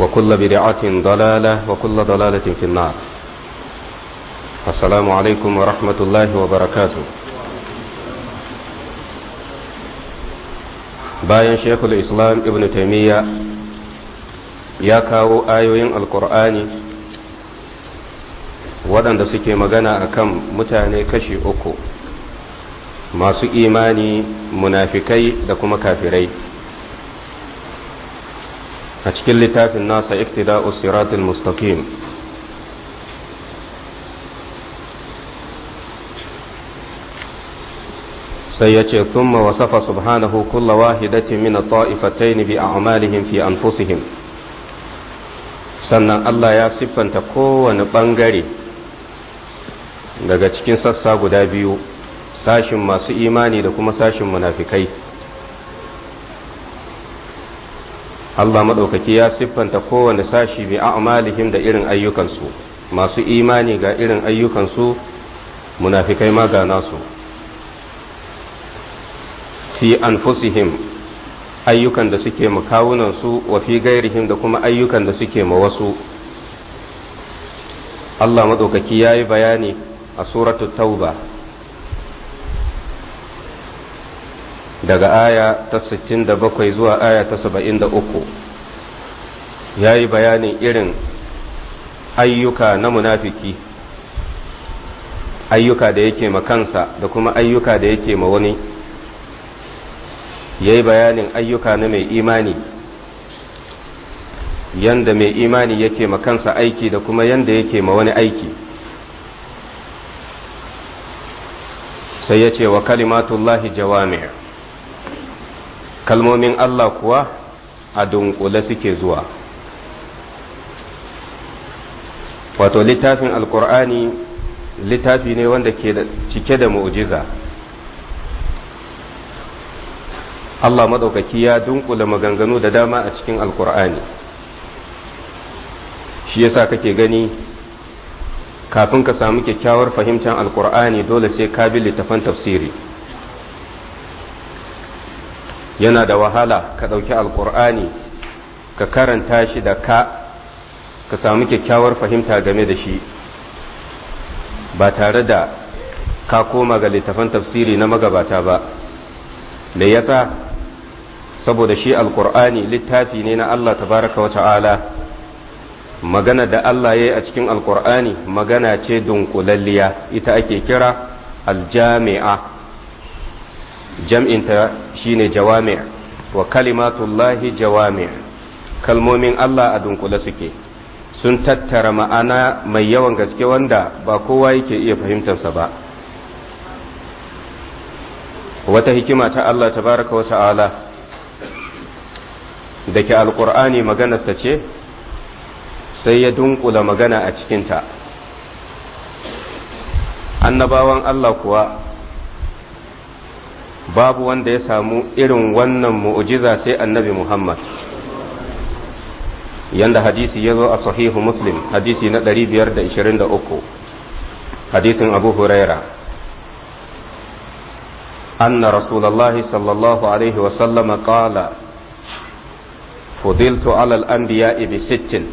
وكل بدعة ضلالة وكل ضلالة في النار السلام عليكم ورحمة الله وبركاته bayan shekul islam ibn taimiyya ya kawo ayoyin alkur'ani waɗanda suke magana a kan mutane kashi uku masu imani munafikai da kuma kafirai a cikin littafin nasa iktida'u siratul mustaqim sai ya ce thumma wasafa subhanahu kulla wahidatin min ta'ifatayn bi a'malihim fi anfusihim sannan Allah ya siffanta kowane bangare daga cikin sassa guda biyu sashin masu imani da kuma sashin munafikai Allah maɗaukaki ya siffanta kowane sashi bi a'malihim da irin ayyukansu masu imani ga irin ayyukansu munafikai ma ga nasu fi anfusihim ayyukan da suke makawunansu wa fi gairihim da kuma ayyukan da suke ma wasu Allah maɗaukaki ya yi bayani a suratu tauba daga aya ta 67 zuwa aya ta 73 ya yi bayanin irin ayyuka na munafiki ayyuka da yake ma kansa da kuma ayyuka da yake ma wani ya yi bayanin ayyuka na mai imani yanda mai imani yake ma kansa aiki da kuma yanda yake ma wani aiki sai ya ce wa kalimatullahi jawami'a kalmomin Allah kuwa a dunkule suke zuwa wato littafin alkur'ani littafi ne wanda ke cike da mu'jiza Allah maɗaukaki ya dunkula maganganu da dama a cikin alkur'ani shi yasa kake gani kafin ka samu kyakkyawar fahimtar alkur'ani dole sai ka bi littafan tafsiri yana da wahala ka ɗauki alƙur'ani ka karanta shi da ka ka samu kyakkyawar fahimta game da shi ba tare da ka koma ga littafan tafsiri na magabata ba da yasa saboda shi alƙur'ani littafi ne na Allah tabaraka wa ta'ala magana da Allah ya yi a cikin alƙur'ani magana ce dunkulalliya ita ake kira aljami'a jam'inta ne jawami wa kalimatullahi jawami kalmomin Allah a dunkule suke sun tattara ma'ana mai yawan gaske wanda ba kowa yake iya fahimtarsa ba wata hikima ta Allah Ta baraka wa ta'ala da ke alƙur'ani maganarsa ce sai ya dunkula magana a cikinta annabawan Allah kuwa babu wanda ya samu irin wannan mu'jiza sai annabi Muhammad yanda hadisi ya zo a sahihu muslim hadisi na 523 hadisin abu huraira anna rasulallahi sallallahu alaihi wasallama qala fudiltu alal anbiya'i bi sittin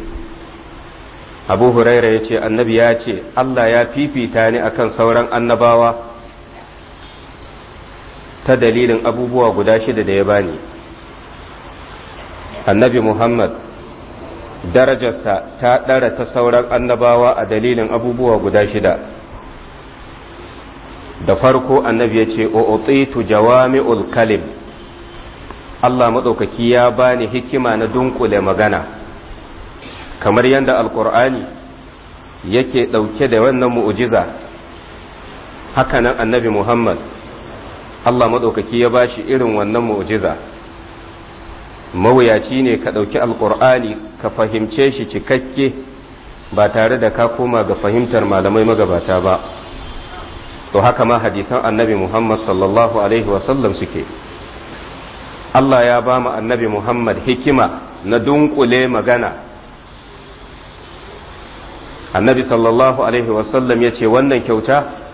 abu huraira ya ce annabi ya ce allah ya fifita ni akan sauran annabawa ta dalilin abubuwa guda shida da ya bani annabi muhammad darajarsa ta ɗara ta sauran annabawa a dalilin abubuwa guda shida da farko annabi ya ce o'otsitu jawami'ul kalim Allah maɗaukaki ya bani hikima na dunkule magana kamar yadda alkur'ani yake ɗauke da wannan mu'ujiza hakanan annabi muhammad Allah maɗaukaki ya ba shi irin wannan mu'jiza mawuyaci ne ka ɗauki alƙur'ani ka fahimce shi cikakke ba tare da ka koma ga fahimtar malamai magabata ba to haka ma hadisan annabi muhammad sallallahu alaihi wasallam suke Allah ya ba mu annabi muhammad hikima na dunkule magana annabi sallallahu alaihi wasallam ya ce wannan kyauta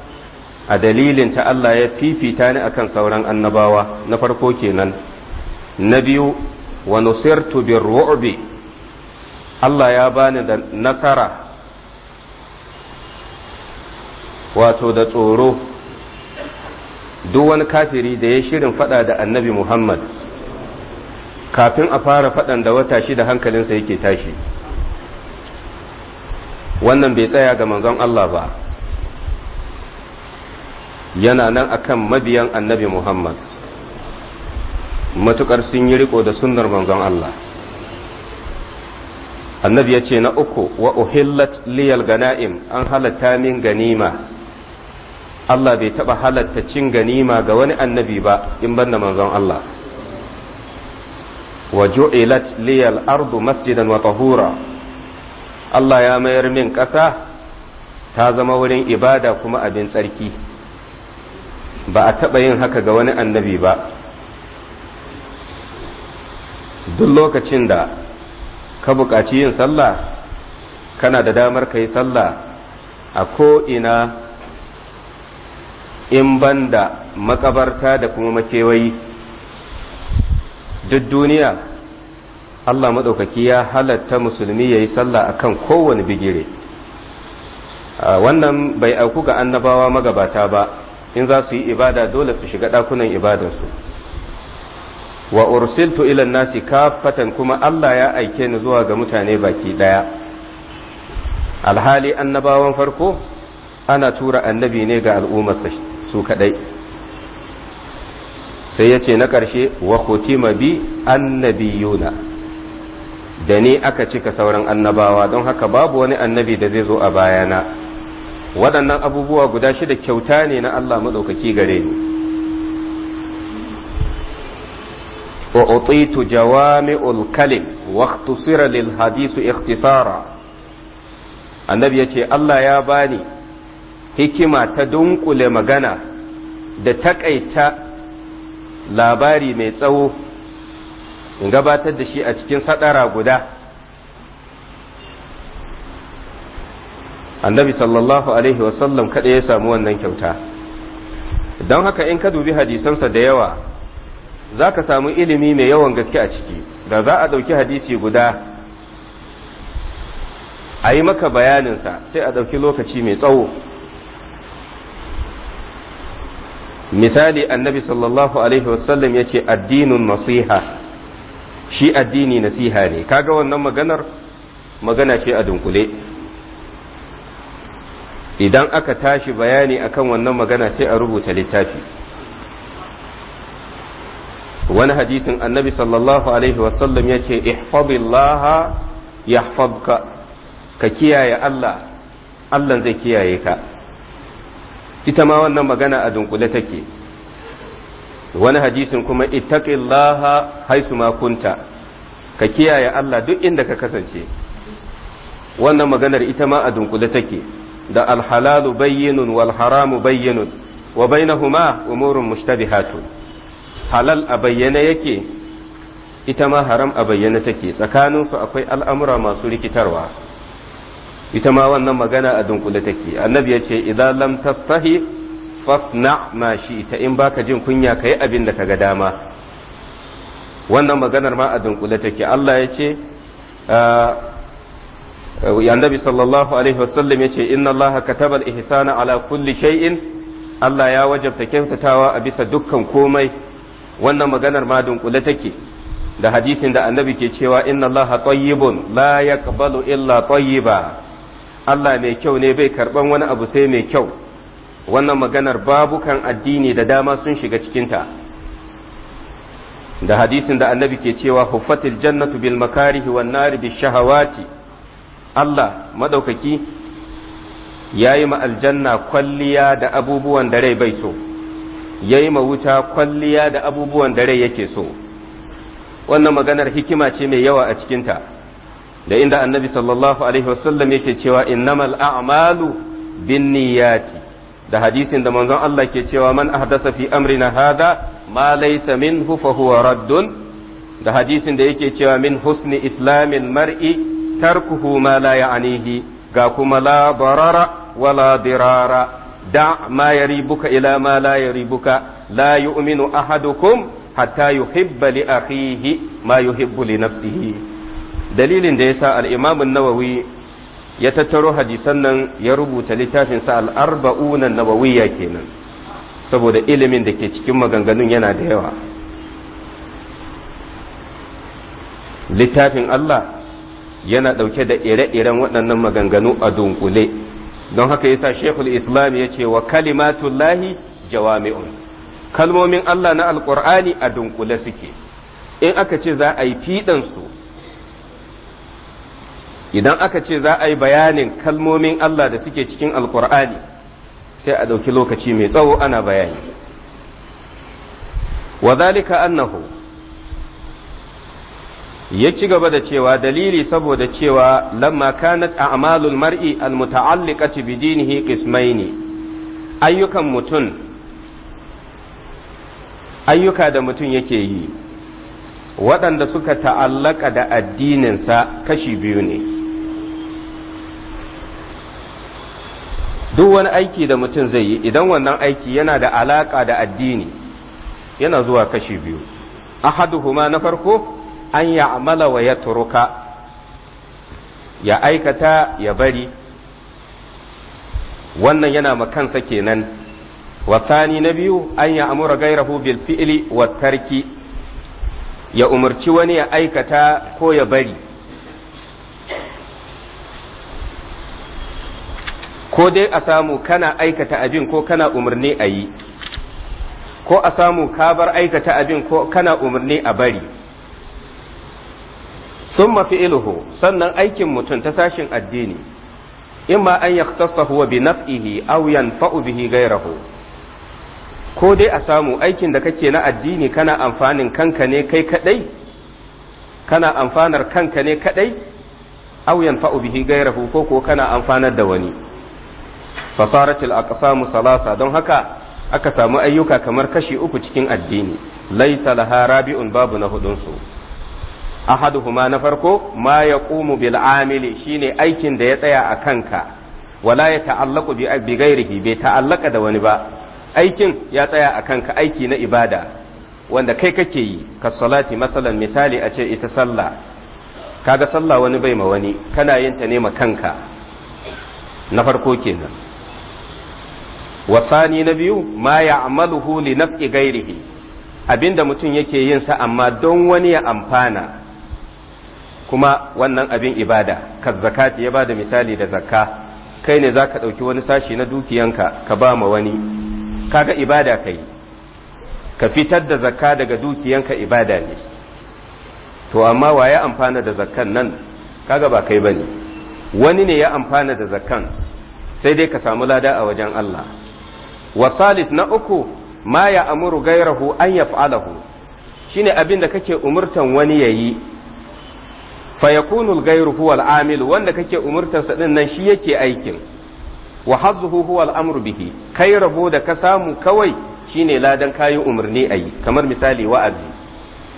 a dalilin ta Allah ya fifita ni akan sauran annabawa na farko kenan na biyu wa nusirtu bir ru'bi Allah ya bani da nasara wato da tsoro duk wani kafiri da ya shirin fada da annabi Muhammad kafin a fara fadan da wata shi da hankalinsa yake tashi wannan bai tsaya ga manzon Allah ba yana nan akan mabiyan annabi Muhammad matukar sun yi riko da sunnar manzon Allah annabi ya ce na uku wa uhillat liyal gana'im an halatta min ganima Allah bai taba halatta cin ganima ga wani annabi ba in banda manzon Allah wa ju'ilat liyal ardu masjidan wa tahura Allah ya mayar min ƙasa ta zama wurin ibada kuma abin tsarki ba a taɓa yin haka ga wani annabi ba duk lokacin da ka buƙaci yin sallah kana da damar ka yi sallah a ko'ina in banda makabarta da kuma makewayi duk duniya Allah maɗaukaki ya halatta musulmi ya yi sallah a kan kowane bigire wannan bai auku ga annabawa magabata ba in za su yi ibada dole su shiga ɗakunan ibadarsu wa ursiltu ilan nasi kafatan kuma Allah ya aike ni zuwa ga mutane baki ɗaya alhali annabawan farko ana tura annabi ne ga al'ummarsa su kaɗai sai ya ce na ƙarshe wa kutima bi annabiyuna da ni aka cika sauran annabawa don haka babu wani annabi da zai zo a bayana. waɗannan abubuwa guda shida kyauta ne na Allah maɗaukaki gare ni wa utitu jawami'ul kalim wa ikhtusira lil hadisu ikhtisara annabi yace Allah ya bani hikima ta dunkule magana da takaita labari mai tsawo in gabatar da shi a cikin sadara guda annabi sallallahu alaihi wasallam kada ya samu wannan kyauta don haka in ka dubi hadisansa da yawa za ka samu ilimi mai yawan gaske a ciki da za a ɗauki hadisi guda a yi maka bayaninsa sai a ɗauki lokaci mai tsawo misali annabi sallallahu alaihi wasallam ya ce addinin nasiha shi addini nasiha ne kaga wannan maganar magana ce a dunkule idan aka tashi bayani akan wannan magana sai a rubuta littafi wani hadisin annabi sallallahu alaihi wasallam ya ce ihfazillaha yahfazka ka kiyaye Allah Allah zai kiyaye ka ita ma wannan magana a dunkule take wani hadisin kuma ittaqillaha haisu ma kunta ka kiyaye Allah duk inda ka kasance wannan maganar ita ma a dunkule take da alhalalu bayyinun wal haramu bayyinun wa bainahuma umurun mushtabihatun halal a bayyane yake ita ma haram a bayyane take tsakaninsu akwai al'amura masu rikitarwa ita ma wannan magana a dunkule take annabi ya ce idan lam tastahi fasna ma shi ta in baka jin kunya ka yi abin da ka dama wannan maganar ma a dunkule take Allah ya ce ah, Eh, annabi sallallahu alaihi wasallam yace inna allaha katabal ihsana ala kulli shay'in Allah ya wajabta kyautatawa a bisa dukkan komai wannan maganar ma dunkule take da hadisin da annabi ke cewa inna allaha tayyibun la yaqbalu illa tayyiba Allah mai kyau ne bai karban wani abu sai mai kyau wannan maganar babukan addini da dama sun shiga cikin ta da hadisin da annabi ke cewa huffatil jannatu bil makarihi wan nari bis shahawati Allah madaukaki ya yi ma aljanna kwalliya da abubuwan da rai bai so ya yi ma wuta kwalliya da abubuwan da rai yake so wannan maganar hikima ce mai yawa a cikinta da inda annabi sallallahu alaihi wasallam yake cewa innamal a'malu binniyati da hadisin da manzon Allah ke cewa man ahdasa fi amrina hada ma laysa minhu fa huwa raddun da hadisin da yake cewa min husni islamin mar'i tarkuhu ma la ya'anihi ga kuma la barara wala dirara da ma yaribuka ila ma la yaribuka la yu'minu ahadukum hatta yuhibba li akhihi ma yuhibbu li nafsihi dalilin da yasa al-imam an-nawawi ya tattaro hadisan nan ya rubuta littafin sa al-arba'una nawawiyya kenan saboda ilimin da ke cikin maganganun yana da yawa littafin Allah yana ɗauke da ire-iren waɗannan maganganu a dunkule don haka yasa shekul islam ya ce wa kalimatullahi jawami'un kalmomin Allah na alƙur'ani a dunkule suke in aka ce za a yi fiɗansu idan aka ce za a yi bayanin kalmomin Allah da suke cikin alƙur'ani sai a ɗauki lokaci mai tsawo ana bayani wa annahu ya ci gaba da cewa dalili saboda cewa lamma kanat a'malul mar'i almuta'alliqati bi dinihi qismaini ayyukan mutun ayyuka da mutum yake yi waɗanda suka ta'allaka da addininsa kashi biyu ne duk wani aiki da mutum zai yi idan wannan aiki yana da alaƙa da addini yana zuwa kashi biyu ahaduhuma na farko an ya amala wa ya turuka ya aikata ya bari wannan yana makansa kenan wasani na biyu an ya amura gairahu bil fi'li wa tarki ya umarci wani ya aikata ko ya bari ko dai a samu kana aikata abin ko kana umarni a yi ko a samu ka bar aikata abin ko kana umarni a bari Sun mafi iluhu sannan aikin mutum ta sashin addini in ma an yakhtassa huwa bi naf'ihi aw yanfa'u bihi ghayrahu ko dai a samu aikin da kake na addini kana amfanin kanka ne kai kadai kana amfanar kanka ne kadai aw yanfa'u bihi ghayrahu ko ko kana amfanar da wani fasaratil aqsamu salasa don haka aka samu ayyuka kamar kashi uku cikin addini laysa laha rabi'un babu na hudun su ahaduhuma na farko ma yaqumu bil amili shine aikin da ya tsaya a kanka wala ya ta'allaku bi bi bai ta'allaka da wani ba aikin ya tsaya a kanka aiki na ibada wanda kai kake yi ka salati masalan misali a ce ita sallah kaga sallah wani bai ma wani kana yin ta ne ma kanka na farko kenan wasani na biyu ma ya'maluhu li naf'i gairihi abinda mutum yake yin sa amma don wani ya amfana kuma wannan abin ibada ka zakati ya bada misali da zakka kai ne zaka ɗauki wani sashi na dukiyanka ka ba ma wani kaga ibada kai ka fitar da zakka daga dukiyanka ibada ne to amma wa ya amfana da zakkan nan kaga ba kai bane wani ne ya amfana da zakkan sai dai ka samu lada a wajen Allah wa salis na uku ma ya amuru gairahu an yaf'alahu shine abin da kake umurtan wani yayi fa yakunu al-ghayru huwa al-amil wanda kake umurtarsa din nan shi yake aikin wa hazzuhu huwa al-amru bihi kai rabo da ka samu kawai shine ladan kayi umarni ayi kamar misali wa'azi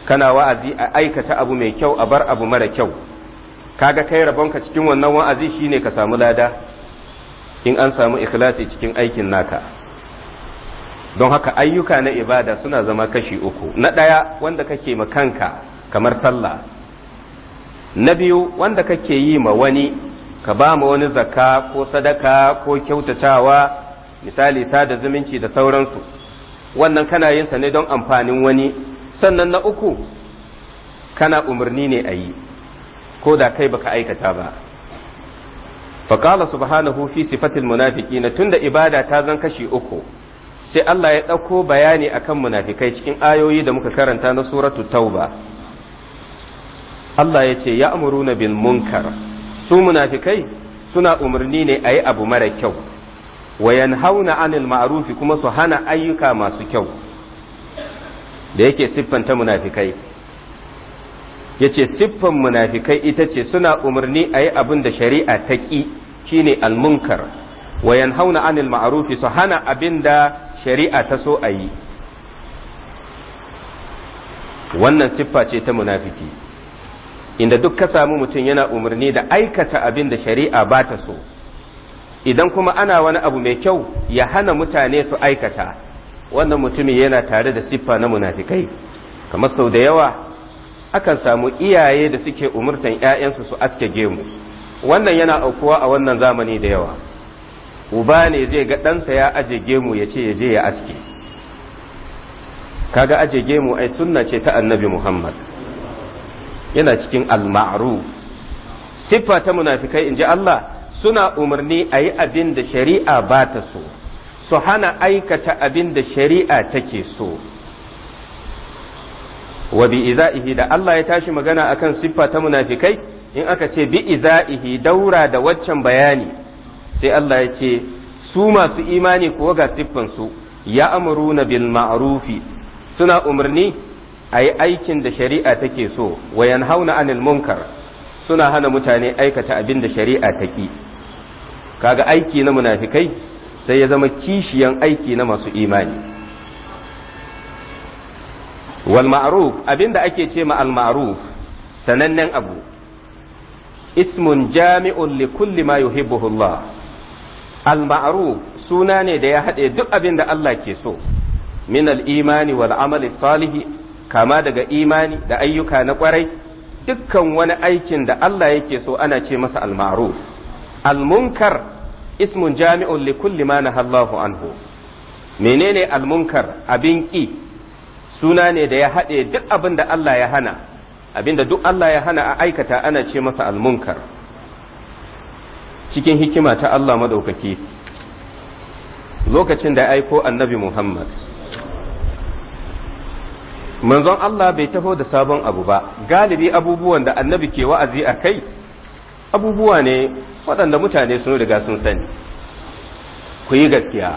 kana wa'azi a aikata abu mai kyau a bar abu mara kyau kaga kai rabonka cikin wannan wa'azi shine ka samu lada in an samu ikhlasi cikin aikin naka don haka ayyuka na ibada suna zama kashi uku na ɗaya wanda kake ma kanka kamar sallah na biyu wanda kake yi ma wani ka ba ma wani zaka ko sadaka ko kyautatawa misali sada zumunci da sauransu wannan kana yin sa ne don amfanin wani sannan na uku kana umarni ne a yi ko da kai baka aikata ba hufi subhanahu fi sifatil munafiqina tunda ibada ta zan kashi uku sai Allah ya ɗauko bayani akan munafikai cikin ayoyi da muka karanta na suratu tauba Allah ya ce ya amuruna bin munkar su munafikai suna umarni ne a yi abu mara kyau wa yanhauna anil ma'rufi kuma su hana ayyuka masu kyau da yake siffanta munafikai ya ce siffan munafikai ita ce suna umarni a yi abin da shari'a ta ƙi shine almunkar wa yanhauna anil ma'rufi su hana abin da shari'a ta so a yi wannan siffa ce ta munafiki inda duk ka samu mutum yana umarni da aikata abin da shari'a ba ta so idan kuma ana wani abu mai kyau ya hana mutane su aikata wannan mutumin yana tare da siffa na munafikai kamar sau da yawa akan samu iyaye da suke umurtan 'ya'yansu su aske gemu wannan yana aukuwa a wannan zamani da yawa uba ne zai ga ɗansa ya aje gemu ya ce ya je ya aske kaga aje gemu ai sunna ce ta annabi muhammad yana cikin al-ma'ruf siffa ta munafikai inji Allah suna umarni a yi abin da shari'a ba ta so su hana aikata abin da shari'a take so wa bi iza'ihi da Allah ya tashi magana akan siffa ta munafikai in aka ce bi iza'ihi daura da waccan bayani sai Allah ya ce su masu imani kuwa ga siffansu ya amuruna bil ma'rufi suna umarni a yi aikin da shari'a take so wayan hauna anil munkar suna hana mutane aikata abin da shari'a ta ki kaga aiki na munafikai sai ya zama kishiyan aiki na masu imani wal ma'ruf abin da ake ce ma alma'aruf ma'ruf sanannen abu ismun jami'un li kulli ma yuhibbuhu Allah al ma'ruf suna ne da ya haɗe duk abin da Allah ke so min al imani wal amali salihi kama daga imani da ayyuka na kwarai dukkan wani aikin da Allah yake so ana ce masa al-ma'ruf al-munkar ismun jami'un li kulli ma nahallahu anhu menene al-munkar abin ki suna ne da ya haɗe duk abin da Allah ya hana abin da duk Allah ya hana a aikata ana ce masa al-munkar cikin hikima ta Allah madaukaki lokacin da aiko annabi Muhammad manzon Allah bai taho da sabon abu ba galibi abubuwan da annabi ke wa'azi a kai abubuwa ne waɗanda mutane sun riga sun sani ku yi gaskiya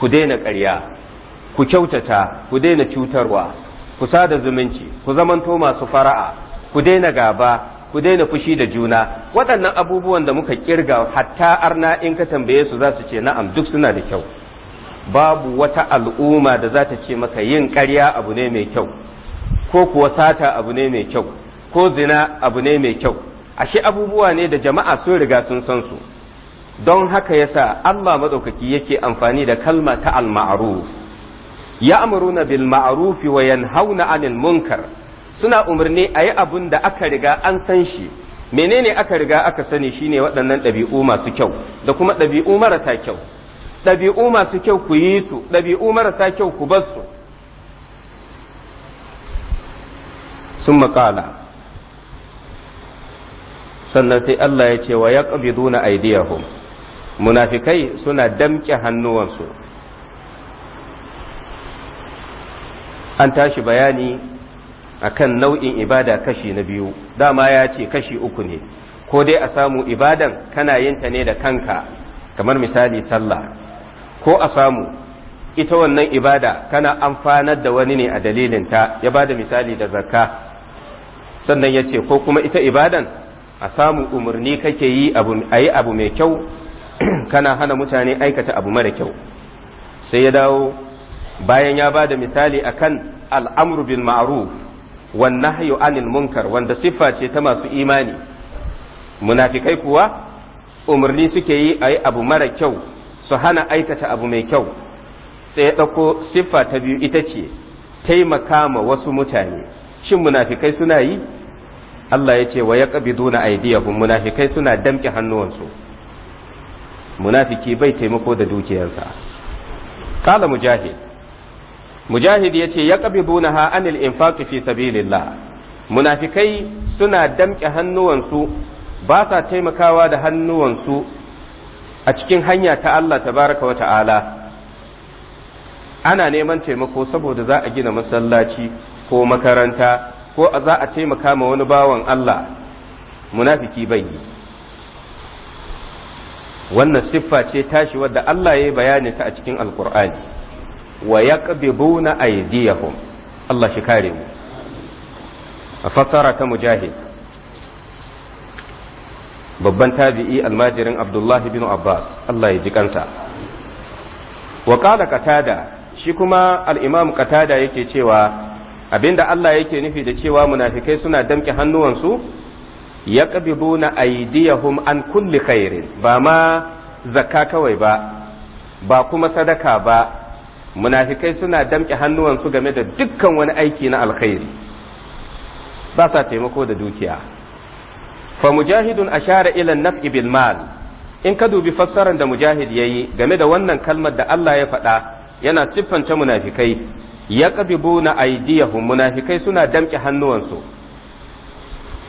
ku daina ƙarya ku kyautata ku daina cutarwa ku sada zumunci ku zamanto masu fara'a ku daina gaba ku daina fushi da juna waɗannan abubuwan da muka kirga hatta arna in ka tambaye su za su ce na'am duk suna da kyau babu wata al'umma da za ta ce maka yin ƙarya abu ne mai kyau ko kuwa sata abu ne mai kyau ko zina abu ne mai kyau ashe abubuwa ne da jama'a sun riga sun san su don haka yasa Allah madaukaki yake amfani da kalma ta al-ma'ruf ya'muruna bil ma'ruf wa yanhauna 'anil munkar suna umarni ayi abun da aka riga an san shi menene aka riga aka sani shine waɗannan ɗabi'u masu kyau da kuma ɗabi'u marasa kyau ɗabi'u masu kyau ku yi su ɗabi'u marasa kyau ku bar su sun makala sannan sai Allah ya ce wa ya ƙabiduna aidiyahum munafikai suna damƙe hannuwansu an tashi bayani akan nau'in ibada kashi na biyu dama ya ce kashi uku ne ko dai a samu ibadan kana yin ta ne da kanka kamar misali sallah ko a samu ita wannan ibada kana amfanar da wani ne a dalilin ta ya ba da misali da zakka sannan ya ce ko kuma ita ibadan a samu umarni kake yi a yi abu mai kyau kana hana mutane aikata abu mara kyau sai ya dawo bayan ya ba da misali kan al'amru bil ma'aruf wan hayo anil munkar wanda siffa ce ta masu imani munafikai kuwa umarni suke yi a yi abu mara kyau su hana aikata abu mai kyau sai ya ɗauko siffa ta biyu ita ce taimaka ma wasu mutane shin munafikai suna yi Allah ya ce wa ya na aidiyahum munafikai suna damƙe hannuwansu munafiki bai taimako da dukiyarsa kala mujahid mujahid ya ce ya ha anil infaqi fi sabilillah munafikai suna damƙe hannuwansu ba sa taimakawa da hannuwansu a cikin hanya ta Allah Ta Baraka wa ta'ala ana neman taimako saboda za a gina masallaci ko makaranta ko a za a taimaka ma wani bawan Allah munafiki bai yi wannan siffa ce tashi wadda Allah ya yi bayani ta a cikin alkur'ani wa ya aydiyahum Allah shi kare mu a fassara ta mujahid babban tabi'i almajirin abdullahi bin abbas Allah ya ji kansa wa qala qatada shi kuma al-imam qatada yake cewa abinda Allah yake nufi da cewa munafikai suna damke hannuwansu ya na aydiyahum an kulli khairin ba ma zakka kawai ba ba kuma sadaka ba munafikai suna damke hannuwansu game da dukkan wani aiki na alkhairi ba sa taimako da dukiya fa mujahidun ashara ila naf'i bil mal in ka dubi fassarar da mujahid yayi game da wannan kalmar da Allah ya faɗa yana siffanta munafikai yaqbibuna aydiyahum munafikai suna damƙe hannuwansu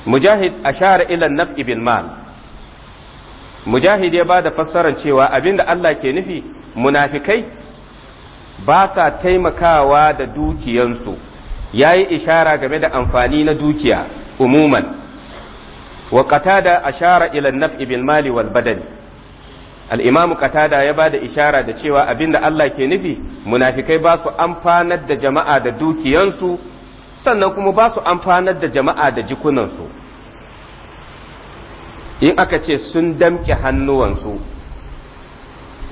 mujahid ashara ila naf'i bil mal mujahid ya bada fassarar cewa abinda Allah ke nufi munafikai ba sa taimakawa da dukiyansu ya yi ishara game da amfani na dukiya umuman wa qatada ashara ila an-naf'i bil mali wal badani al-imam qatada ya bada ishara da cewa abinda Allah ke nufi munafikai ba su amfanar da jama'a da dukiyansu sannan kuma ba su amfanar da jama'a da jikunansu in aka ce sun damke hannuwansu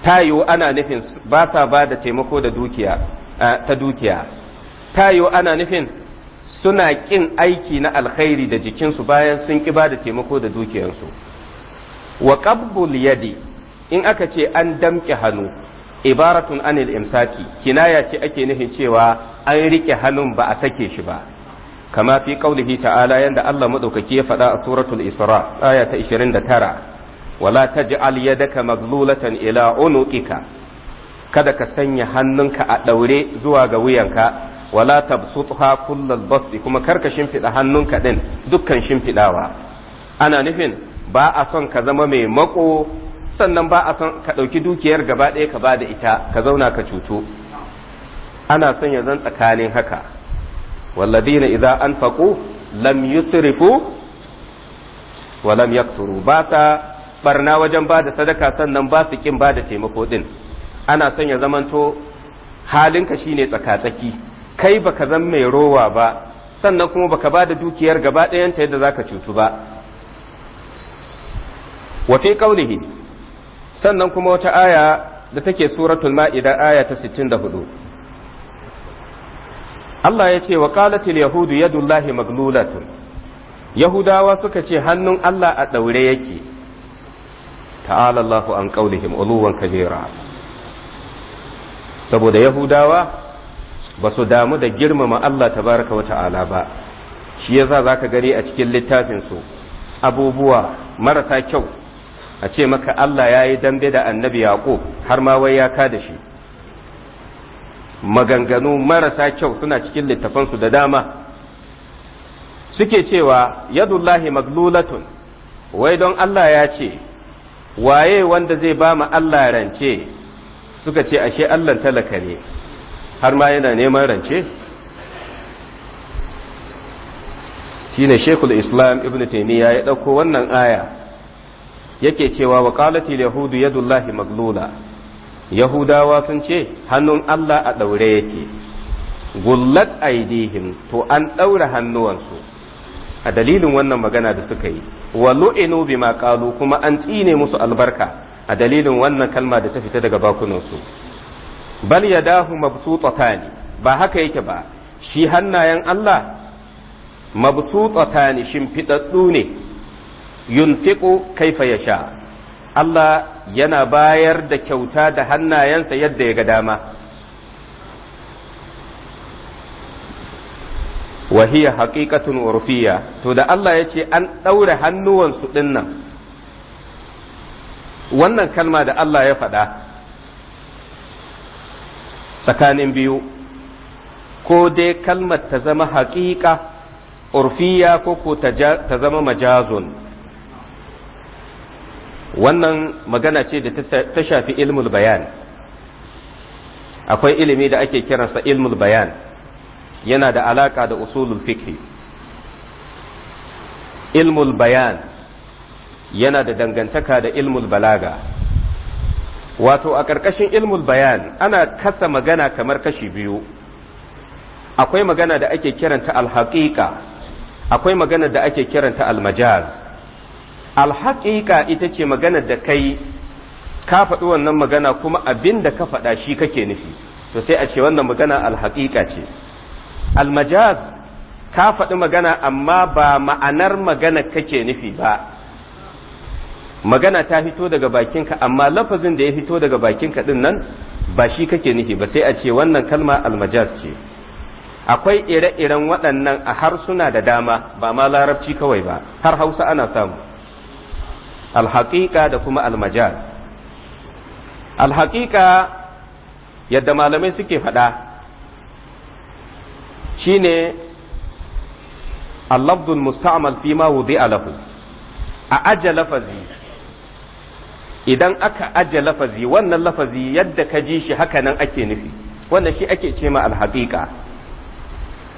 tayo ana nufin ba sa ba da taimako da dukiya eh, ta dukiya tayo ana nufin suna ƙin aiki na alkhairi da jikinsu bayan sun ƙi ba da taimako da dukiyansu wa qabbul yadi in aka ce an damƙe hannu ibaratun anil imsaki kinaya ce ake nufin cewa an riƙe hannun ba a sake shi ba kama fi qaulihi ta'ala yanda Allah madaukaki ya faɗa a suratul isra aya ta 29 wala taj'al yadaka maglulatan ila unuqika kada ka sanya hannunka a ɗaure zuwa ga wuyanka wala tabsutha kullal basti kuma ka shimfiɗa hannunka ɗin dukkan shimfiɗawa ana nufin ba a son ka zama mai mako sannan ba a son ka ɗauki dukiyar gaba ɗaya ka ba da ita ka zauna ka cutu ana son ya zan tsakanin haka walladina idza anfaqu lam yusrifu wa lam yaqturu ba sa barna wajen bada sadaka sannan ba su kin ba da taimako ɗin. ana son ya zamanto halinka shine tsakatsaki kai baka zan mai rowa ba sannan kuma baka ba da dukiyar gaba ɗayanta yadda zaka cutu ba wa fi sannan kuma wata aya da take suratul ma'ida aya ta 64 Allah ya ce wa qalatil yahudu yadullahi maglulatun yahudawa suka ce hannun Allah a ɗaure yake ta'ala Allahu an ƙaunihim uluwan kabira saboda yahudawa ba su damu da girmama Allah tabaraka wa ta'ala ba shi yasa zaka gani a cikin littafinsu abubuwa marasa kyau a ce maka Allah ya yi dambe da annabi Yaqub har ma wai ya ka da shi maganganu marasa kyau suna cikin littafansu da dama suke cewa yadullahi maglulatun wai don Allah ya ce waye wanda zai ba mu Allah rance suka ce ashe Allah talaka ne har ma yana neman rance shi ne shekul islam ibn taimiyya ya ɗauko wannan aya yake cewa wa ƙalatil yahudu yadullahi maglula yahudawa sun ce hannun allah a ɗaure yake gullat aidihim to an ɗaura hannuwansu a dalilin wannan magana da suka yi wa lu'inu bima qalu kuma an tsine musu albarka a dalilin wannan kalma da ta fita daga bakunansu bal yadahu mabsutatani ba haka yake ba shi hannayen Allah mabsutatani shimfidaddu ne yunfiqu kaifa yasha Allah yana bayar da kyauta da hannayensa yadda ya ga dama wa hiya haqiqatun urfiya to da Allah ya ce an ɗaure hannuwansu ɗinnan wannan kalma da Allah ya faɗa tsakanin biyu ko dai kalmar ta zama haƙiƙa urfiya ko ko ta zama majazun wannan magana ce da ta shafi ilmul bayan akwai ilimi da ake kiransa ilmul bayan yana da alaƙa da usulul fikhi ilmul bayan yana da dangantaka da ilmul balaga wato a ƙarƙashin ilmul bayan ana kasa magana kamar kashi biyu akwai magana da ake kiranta alhaƙiƙa akwai magana da ake kiranta almajaz alhaƙiƙa ita ce magana da kai ka faɗi wannan magana kuma abin da ka faɗa shi kake nufi to sai a ce wannan magana alhaƙiƙa ce almajaz ka faɗi magana amma ba ma'anar magana kake nufi ba magana ta fito daga bakinka amma lafazin da ya fito daga bakinka din nan ba shi kake nufi ba sai a ce wannan kalma almajaz ce akwai ire-iren waɗannan a harsuna da dama ba ma larabci kawai ba har hausa ana samu alhaƙiƙa da kuma almajaz alhaƙiƙa yadda malamai suke faɗa shine allabdul musta'amal fi ma wudi'a a aje lafazi idan aka aje lafazi wannan lafazi yadda ka ji shi haka nan ake nufi wannan shi ake ce ma alhaƙiƙa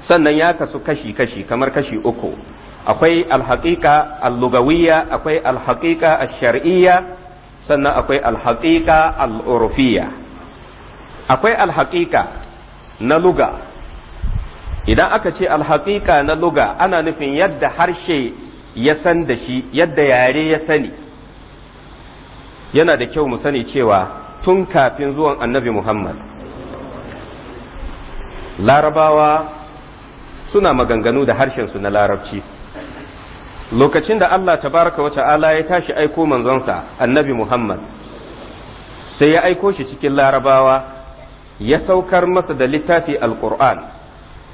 sannan ya kasu kashi-kashi kamar kashi uku akwai alhaƙiƙa allugawiyya akwai alhaƙiƙa shar'iyya sannan akwai alhaƙiƙa al'urfiyya akwai alhaƙiƙa na luga idan aka ce alhaƙiƙa na luga ana nufin yadda harshe ya san da shi yadda yare ya sani yana da kyau mu sani cewa tun kafin zuwan annabi Muhammad larabawa suna maganganu da harshensu na larabci lokacin da Allah tabaraka wa ta'ala ya tashi aiko manzonsa annabi Muhammad sai ya aiko shi cikin larabawa ya saukar masa da littafi alkur'an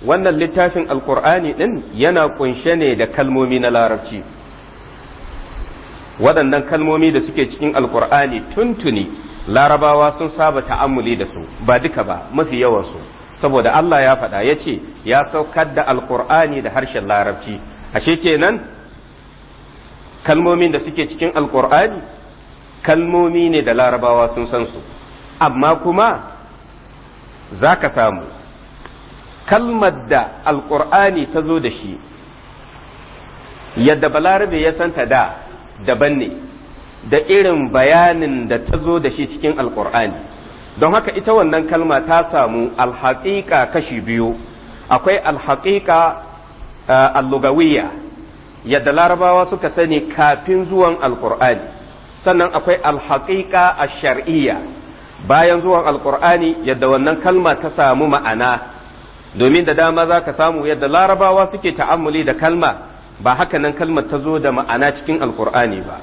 wannan littafin alkur'ani ɗin yana kunshe ne da kalmomi na larabci. waɗannan kalmomi da suke cikin alkur'ani tuntuni larabawa sun saba ta'ammuli da su ba duka ba mafi yawansu saboda Allah ya faɗa ya ce ya saukar da alkur'ani da harshen larabci ashe kenan kalmomin da suke cikin alkur'ani kalmomi ne da larabawa sun san su amma kuma za ka samu kalmar da alkur'ani ta zo da shi yadda balarabe ya santa da daban ne da irin bayanin da ta zo da shi cikin alkur'ani don haka ita wannan kalma ta samu alhaƙiƙa kashi biyu akwai alhaƙiƙa allugawiyya yadda larabawa suka sani kafin zuwan alkur'ani sannan akwai alhaƙiƙa a shar'iyya bayan zuwan alkur'ani yadda wannan kalma ta samu ma'ana domin da dama za ka samu yadda larabawa suke ta'ammuli da kalma ba haka nan kalmar ta zo da ma'ana cikin alkur'ani ba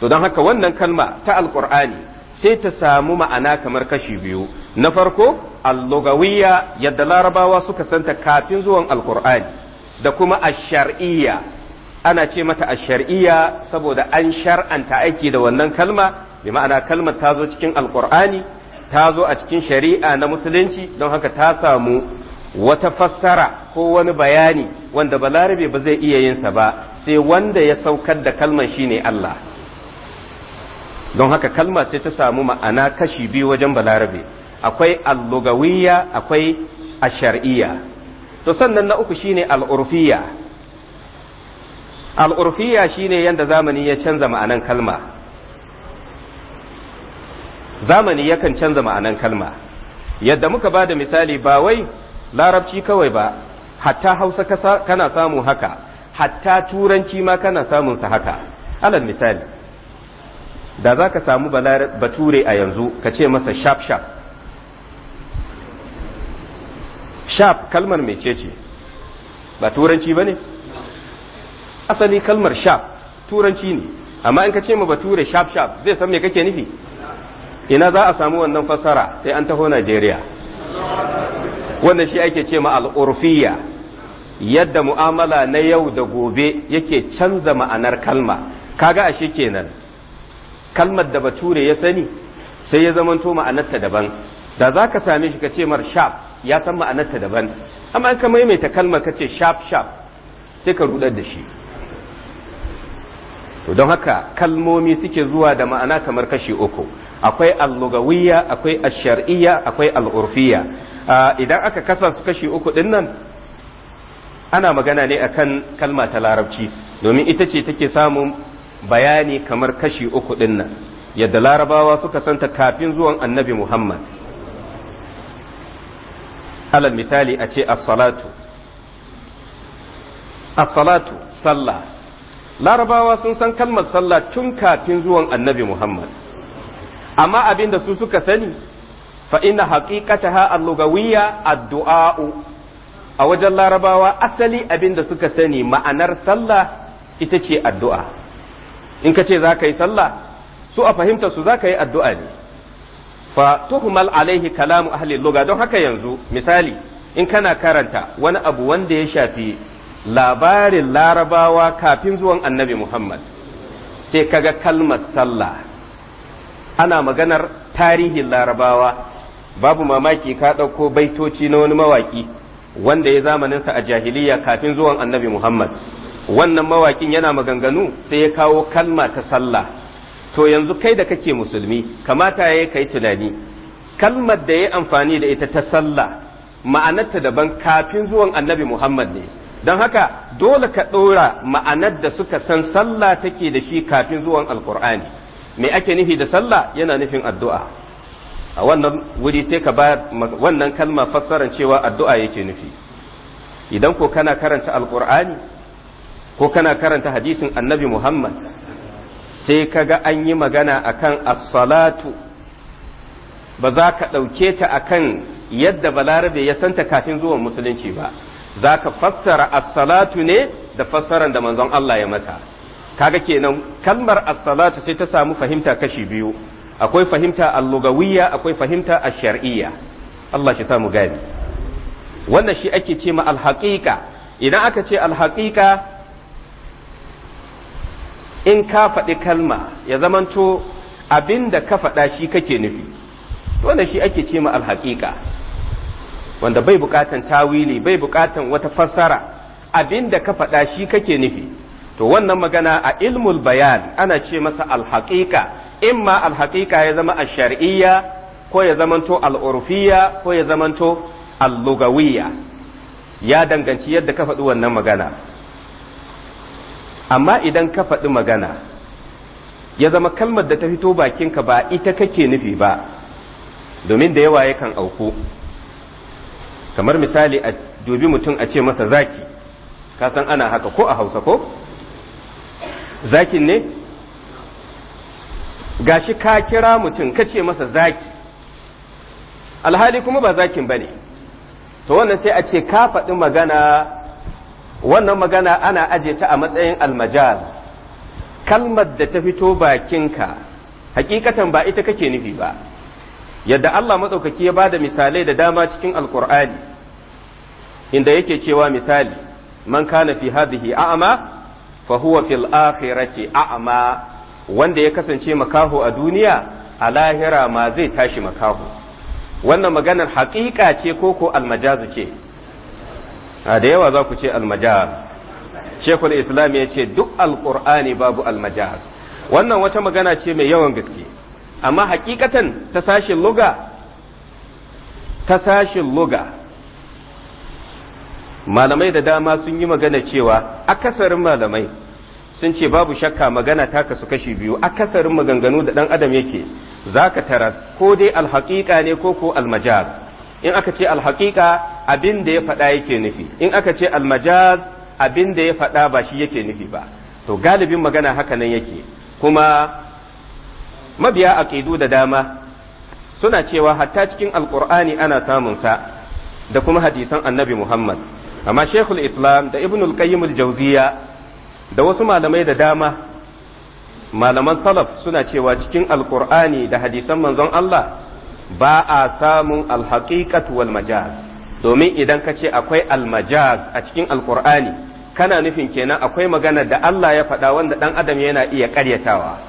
to don haka wannan kalma ta alkur'ani sai ta samu ma'ana kamar kashi biyu na farko allogawiyya yadda larabawa suka santa kafin zuwan alkur'ani da kuma ashar'iyya ana ce mata ashar'iyya saboda an shar'anta aiki da wannan kalma bi ma'ana kalmar ta zo cikin alkur'ani ta zo a cikin shari'a na musulunci don haka ta samu wata fassara ko wani bayani wanda balarabe ba zai iya yinsa ba sai wanda ya saukar da kalmar shine Allah don haka kalma sai ta samu ma'ana kashi biyu wajen balarabe akwai allugawiyya akwai ashar'iyya to sannan na uku shine al'urfiya. Al'urfiya shine yadda zamani ya canza ma'anan kalma zamani yakan canza ma'anan kalma yadda muka ba da misali ba wai larabci kawai ba hatta hausa kana samu haka hatta turanci ma kana samun sa haka alal misali da za ka samu bature a yanzu ka ce masa sharp sharp sharp kalmar mai ce ba turanci ba ne asali kalmar sharp turanci ne amma in ka ce ma bature sharp sharp zai san me kake nufi ina za a samu wannan fassara sai an taho najeriya wannan shi ake ce ma al'urfiya yadda mu'amala na yau da gobe yake canza ma'anar kalma kaga ashe kenan kalmar da bature ya sani sai ya zamanto ma'anarta daban da za ka same shi ka ce mar sharp ya san ma'anarta daban amma ka maimaita kalmar ka ce sharp sharp sai ka rudar da shi to don haka kalmomi suke zuwa da ma'ana kamar kashi uku akwai al-lugawiyya akwai ash-shar'iyya akwai al'urfiya ah, idan aka kasa su kashi uku din nan ana magana ne akan kalma ta larabci domin ita ce take samun bayani kamar kashi uku din nan yadda larabawa suka santa kafin zuwan annabi muhammad alal misali a ce as-salatu as-salatu sallah larabawa sun san kalmar sallah tun kafin zuwan annabi muhammad amma abin da su suka sani fa ina haqiqataha ha lugawiyya addu'a'u a wajen larabawa asali abin da suka sani ma'anar sallah ita ce addu'a in ka ce za ka yi sallah su a fahimta su za ka yi addu'a ne fa tuhumal alaihi kalamu ahli luga don haka yanzu misali in kana karanta wani abu wanda ya shafi labarin larabawa kafin zuwan annabi muhammad sai kaga kalmar sallah ana maganar tarihin larabawa babu mamaki ka ɗauko baitoci na wani mawaƙi wanda ya zamanin sa a jahiliya kafin zuwan annabi muhammad wannan mawaƙin yana maganganu sai ya kawo kalma ta sallah to yanzu kai da kake musulmi kamata ya kai tunani kalmar da ya amfani da ita ta sallah ma'anarta daban kafin zuwan annabi muhammad ne don haka dole ka ɗora ma'anar da suka san sallah take da shi kafin zuwan alkur'ani me ake nufi da sallah yana nufin addu'a a wannan wuri sai ka ba wannan kalma fassaran cewa addu'a yake nufi idan ko kana karanta alkur'ani ko kana karanta hadisin annabi muhammad sai ka ga an yi magana a kan assalatu ba za ka ɗauke ta a kan yadda balarabe ya santa kafin zuwan musulunci ba za ka fassara assalatu ne da fassaran da manzon Allah ya mata kaga kenan kalmar as-salatu sai ta samu fahimta kashi biyu akwai fahimta al-lugawiyya akwai fahimta ash-shar'iyya Allah shi samu gani wannan shi ake ce ma al-haqiqa idan aka ce al-haqiqa in ka faɗi kalma ya zamanto to abinda ka faɗa shi kake nufi wannan shi ake ce ma al-haqiqa wanda bai buƙatan tawili bai buƙatan wata fassara abinda ka faɗa shi kake nufi to wannan magana a ilmul bayan ana ce masa alhaƙiƙa in ma alhaƙiƙa ya zama a shariyya ko ya zamanto al'urfiya ko ya zamanto al ya danganci yadda ka faɗi wannan magana amma idan ka faɗi magana ya zama kalmar da ta fito bakinka ba ita kake nufi ba domin da yawa yakan auku kamar misali a dubi mutum a ce masa zaki ka san ana haka ko a hausa ko zakin ne gashi ka kira mutum ka ce masa zaki alhali kuma ba zakin ba ne to wannan sai a ce ka faɗi magana wannan magana ana aje ta a matsayin almajaz kalmar da ta fito bakinka hakikatan ba ita kake nufi ba yadda Allah matsaukaki ya bada misalai da dama cikin alkur'ani inda yake cewa misali man kana fi hadhihi a'ma fa huwa fil akhirati a'ma wanda ya kasance makaho a duniya a lahira ma zai tashi makaho wannan maganar haƙiƙa ce ko ko almajazu ce a da yawa za ku ce almajaz shekul islam ya ce duk alƙur'ani babu almajaz wannan wata magana ce mai yawan gaske amma hakikatan ta sashin luga sashin luga malamai da dama sun yi magana cewa akasarin malamai sun ce babu shakka magana ta kasu kashi biyu akasarin maganganu da dan adam yake zaka taras ko dai alhaqiqa ne ko ko almajaz in aka ce alhaqiqa abin da ya faɗa yake nufi in aka ce almajaz abin da ya faɗa ba shi yake nufi ba to galibin magana haka nan yake kuma mabiya aqidu da dama suna cewa hatta cikin alƙur'ani ana samun sa da kuma hadisan annabi muhammad amma shekul islam da ibn al da wasu malamai da dama malaman salaf suna cewa cikin alkur'ani da hadisan manzon Allah ba a samun alhaqiqatu wal majaz domin idan ka ce akwai almajaz a cikin alkur'ani kana nufin kenan akwai magana da Allah ya faɗa wanda ɗan adam yana iya ƙaryatawa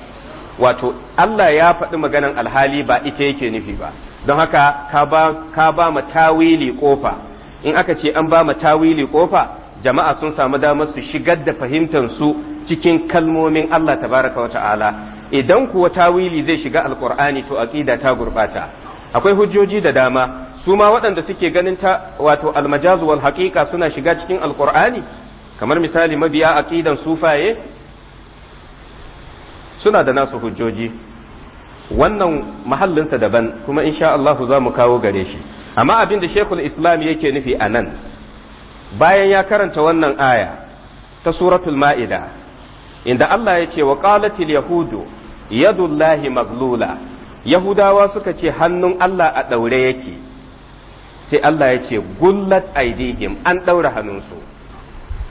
wato Allah ya faɗi maganan alhali ba ita yake nufi ba don haka ka ba ma tawili kofa. in aka ce an ba ma tawili kofa jama'a sun samu damar su shigar da fahimtar su cikin kalmomin Allah tabaraka wata'ala idan kuwa tawili zai shiga alqur'ani to aqida ta gurbata akwai hujjoji da dama su ma waɗanda suke ganin ta wato almajaz wal haqiqa suna shiga cikin alqur'ani kamar misali mabiya aqidan sufaye suna da nasu hujjoji wannan mahallinsa daban kuma insha Allah za mu kawo gare shi amma abin da shekul islam yake nufi a nan bayan ya karanta wannan aya ta suratul ma'ida inda Allah ya ce wa qalatil yahudu yadullahi maglula yahudawa suka ce hannun Allah a ɗaure yake sai Allah ya ce gullat aidihim an ɗaure hannunsu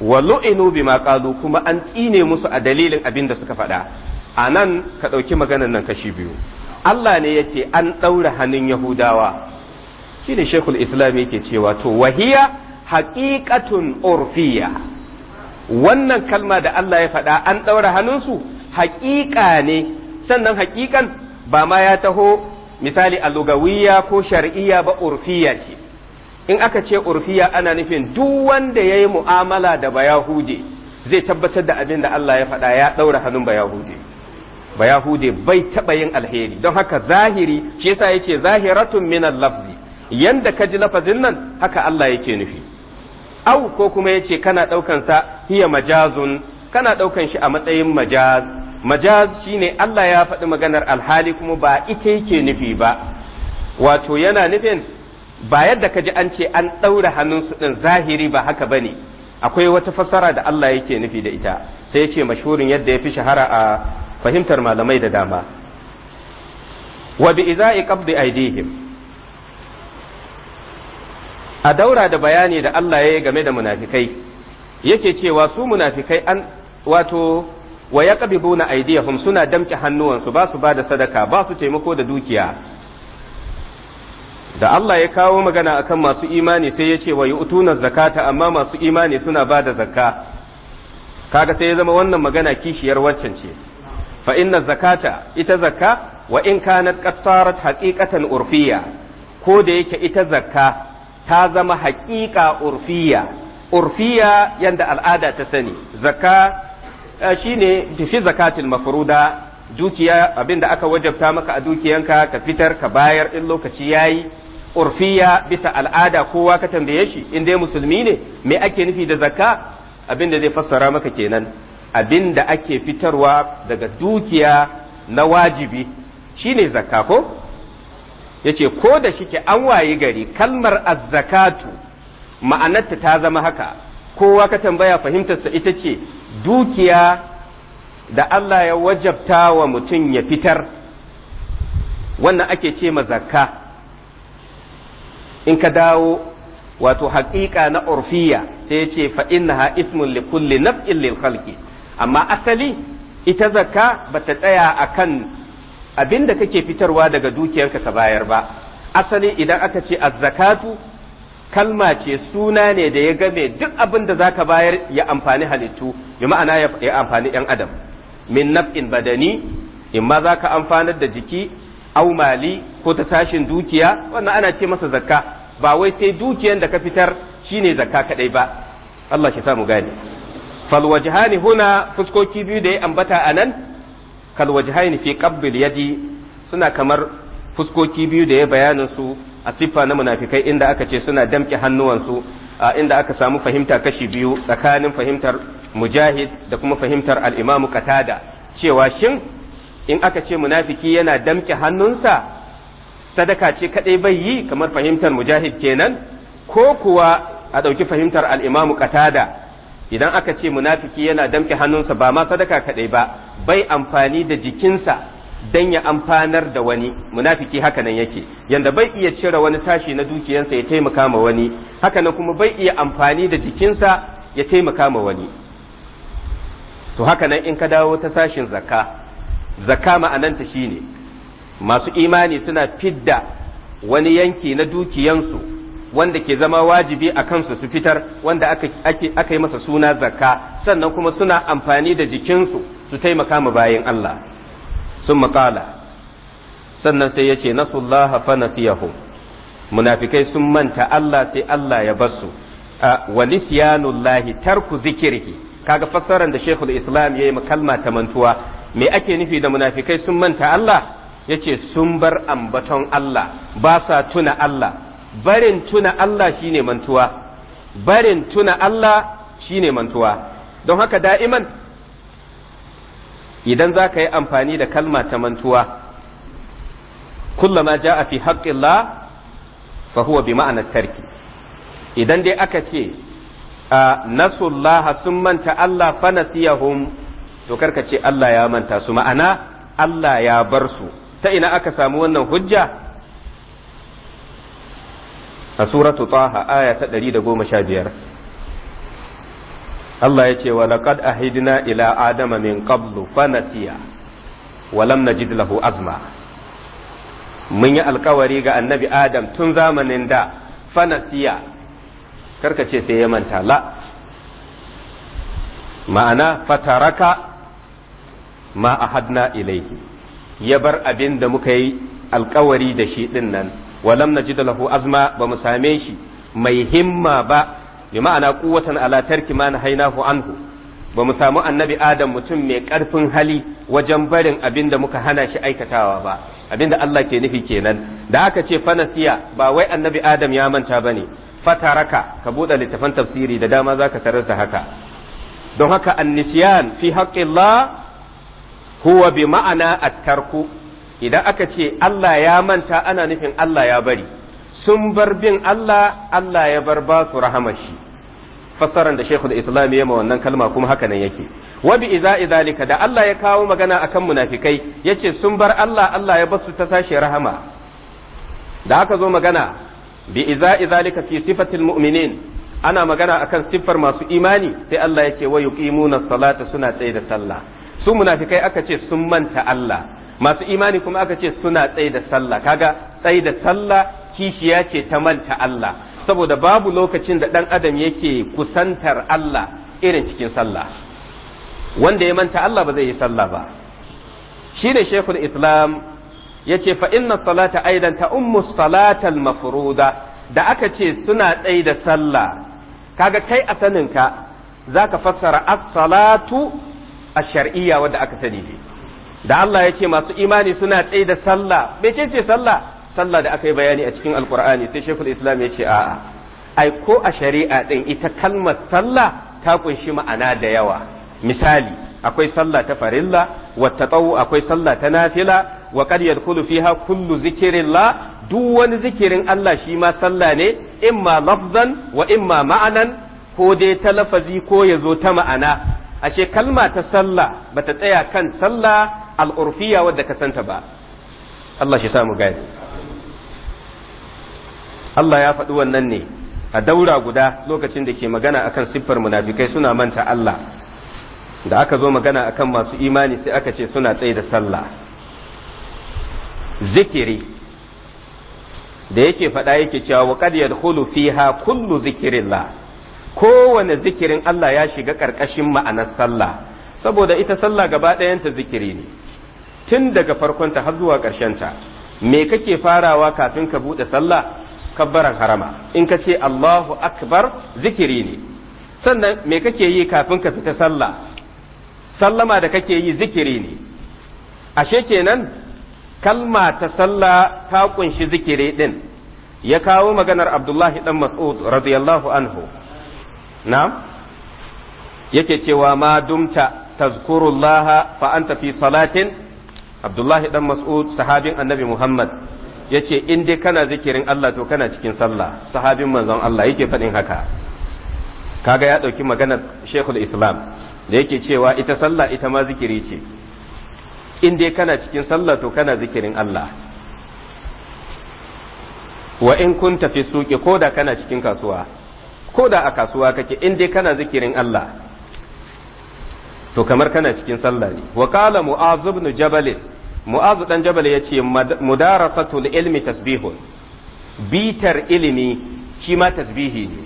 wa lu'inu bima kuma an tsine musu a dalilin abin da suka faɗa a nan ka ɗauki maganan nan kashi biyu Allah ne ya ce an ɗaura hannun yahudawa shine shekul islam yake cewa to wahiya haƙiƙatun urfiya wannan kalma da Allah ya faɗa an ɗaura hannunsu haƙiƙa ne sannan haƙiƙan ba ma ya taho misali a lugawiya ko shar'iyya ba urfiya ce in aka ce urfiya ana nufin duk wanda ya yi mu'amala da bayahude zai tabbatar da abin da Allah ya faɗa ya ɗaura hannun bayahude bayahude bai taɓa yin alheri don haka zahiri shi yasa yace zahiratun minan lafzi yanda ka ji lafazin nan haka Allah yake nufi au ko kuma yace kana ɗaukan sa hiya majazun kana ɗaukan shi a matsayin majaz majaz shine Allah ya faɗi maganar alhali kuma ba ita yake nufi ba wato yana nufin ba yadda ka ji an ce an ɗaura su ɗin zahiri ba haka ba ne? akwai wata fassara da Allah yake nufi da ita sai yace mashhurin yadda ya fi shahara a fahimtar malamai da dama wa bi iza'i qabdi aidihim a daura da bayani da Allah ya yi game da munafikai yake cewa su munafikai an wato wa ya na aidiyahum suna damke hannuwansu ba su ba da sadaka ba su taimako da dukiya da Allah ya kawo magana akan masu imani sai ya ce wa yu'tuna zakata amma masu imani suna ba da zakka kaga sai ya zama wannan magana kishiyar waccan ce fa inna zakata ita zakka wa in kanat qad sarat haqiqatan urfiya ko da yake ita zakka ta zama haƙiƙa urfiya urfiya yadda al'ada ta sani zakka eh, ne tafi zakatul mafruda dukiya abinda aka wajabta maka a dukiyanka ka fitar ka bayar in lokaci yayi urfiya bisa al'ada kowa ka tambaye shi in dai musulmi ne me ake nufi da zakka abinda zai fassara maka kenan abinda ake fitarwa daga dukiya na wajibi shine zakka ko yace ko da shike an waye gari kalmar azzakatu ma'anarta ta zama haka kowa ka tambaya fahimtarsa ita ce dukiya da Allah ya wajabta wa mutum ya fitar wannan ake ce ma zakka in ka dawo wato haƙiƙa na urfiya sai yace ce fa innaha ismun li kulli naf'in lil khalqi amma asali ita zakka bata tsaya akan abin da kake fitarwa daga dukiyarka ka bayar ba asali idan aka ce azzakatu kalma ce suna ne da ya game duk abin da zaka bayar ya amfani halittu ya ma'ana ya amfani yan adam min naf'in badani in ma zaka amfanar da jiki au mali ko ta sashin dukiya wannan ana ce masa zakka ba wai sai dukiyar da ka fitar shine zakka kadai ba Allah shi mu gane fal wajhani huna fuskoki biyu da ya ambata anan kal wajhain fi qabbil yadi suna kamar fuskoki biyu da ya bayanin su a siffa na munafikai inda aka ce suna damke hannuwansu inda aka samu fahimta kashi biyu tsakanin fahimtar mujahid da kuma fahimtar al katada, cewa shin in aka ce munafiki yana damke hannunsa sadaka ce kadai bai yi kamar fahimtar mujahid kenan ko kuwa a ɗauki fahimtar al katada. idan aka ce munafiki yana damke hannunsa ba ma sadaka kaɗai ba bai amfani da jikinsa don ya amfanar da wani munafiki haka yake yanda bai iya cire wani sashi na dukiyansa ya taimaka ma wani haka kuma bai iya amfani da jikinsa ya taimaka ma wani to hakanan in ka dawo ta sashin zakka zakka ma'ananta shine masu imani suna fidda wani yanki na dukiyansu wanda ke zama wajibi a kansu su fitar wanda aka yi masa suna zakka sannan kuma suna amfani da jikinsu su taimaka ma bayan Allah sun maƙala sannan sai ya ce nasullaha fa nasiyahu munafikai sun manta Allah sai Allah ya basu wa nisyanullahi tarku zikirki kaga fassarar da Sheikhul Islam yayi kalma ta mantuwa me ake nufi da munafikai sun manta Allah yace sun bar ambaton Allah ba sa tuna Allah barin tuna Allah shine mantuwa barin tuna Allah shine mantuwa don haka da'iman idan za ka yi amfani da kalma ta mantuwa kullama a fi haqqillah fa huwa bi ma'anar tarki idan dai aka ce a nasullaha sun manta Allah fa nasiyahum to karka ce Allah ya manta su ma'ana Allah ya bar su ta ina aka samu wannan hujja a suratu taha aya ta ɗari da goma sha biyar. Allah ya ce wa laqad ahidna ila adama min qablu fa nasiya wa lam najid lahu azma mun yi alkawari ga annabi adam tun zamanin da fa nasiya karka ce sai ya manta la ma'ana fataraka ma ahadna ilaihi ya bar abin da muka yi alkawari da shi din nan walam najid lahu azma ba mu same shi mai himma ba bi ma'ana quwwatan ala tarki ma nahainahu anhu Bamu samu annabi adam mutum mai ƙarfin hali wajen barin abinda muka hana shi aikatawa ba Abinda Allah ke nufi kenan da haka ce fanasiya ba wai annabi adam ya manta ba bane fataraka ka buɗe littafan tafsiri da dama zaka tarar da haka don haka annisiyan fi haqqillah huwa bi ma'ana at-tarku idan aka ce Allah ya manta ana nufin Allah ya bari sun bar bin Allah Allah ya bar ba su rahamashi fassaran da Sheikhul Islam ya ma wannan kalma kuma haka nan yake wa bi iza da Allah ya kawo magana akan munafikai yace sun bar Allah Allah ya basu ta sashi rahama da aka zo magana bi iza idalika fi sifatil mu'minin ana magana akan siffar masu imani sai Allah yace wa yuqimuna salata suna tsaye da sallah su munafikai aka ce sun manta Allah masu imani kuma aka ce suna tsaye da sallah kaga tsaye da sallah kishiya ce ta manta Allah saboda babu lokacin da ɗan adam yake kusantar Allah irin cikin sallah wanda ya manta Allah ba zai yi sallah ba shi ne shekul islam ya ce fa inna salata aidan ta ummu salatal mafuruda da aka ce suna tsaye da sallah kaga kai a saninka za ka fassara as-salatu a shar'iyya wadda aka sani ne da Allah ya ce masu imani suna tsaye da sallah Me ce ce sallah sallah da aka yi bayani a cikin alkur'ani sai shekul islam ya ce a'a ai ko a shari'a din ita kalmar sallah ta kunshi ma'ana da yawa misali akwai sallah ta farilla wa tatawu akwai sallah ta nafila wa qad yadkhulu fiha kullu zikrillah duk wani zikirin Allah shi ma sallah ne imma lafzan wa imma ma'anan ko dai ta lafazi ko yazo ta ma'ana ashe kalma ta sallah bata tsaya kan sallah al'urfiya wadda ka santa ba Allah shi samu gani Allah ya faɗi wannan ne a daura guda lokacin da ke magana akan siffar munafikai suna manta Allah da aka zo magana akan masu imani sai aka ce suna tsaye da sallah zikiri da yake faɗa yake cewa wa qad yadkhulu fiha kullu zikrillah kowane zikirin Allah ya shiga ƙarƙashin ma'anar sallah saboda ita sallah gaba ɗayanta zikiri ne tun daga farkonta har zuwa ta me kake farawa kafin ka buɗe sallah kabbaran harama in ka ce Allahu akbar zikiri ne sannan me kake yi kafin ka fita sallah sallama da kake yi zikiri ne ashe kenan kalma ta sallah ta kunshi zikiri din ya kawo maganar Abdullahi dan Mas'ud radiyallahu anhu na yake cewa ma dumta tazkurullaha fa anta fi salatin abdullahi dan mas'ud sahabin annabi muhammad ya ce in dai kana zikirin allah to kana cikin sallah sahabin manzon allah yake faɗin haka kaga ya ɗauki magana shekul islam da yake cewa ita sallah ita ma zikiri ce in dai kana cikin sallah to kana zikirin allah wa in kunta fi suƙi ko da kana cikin kasuwa ko da a kasuwa kake in dai kana zikirin allah to kamar kana cikin sallah ne wa qala mu'az ibn jabal mu'az dan jabal yace mudarasatul ilmi tasbihun bitar ilimi shi ma tasbihi ne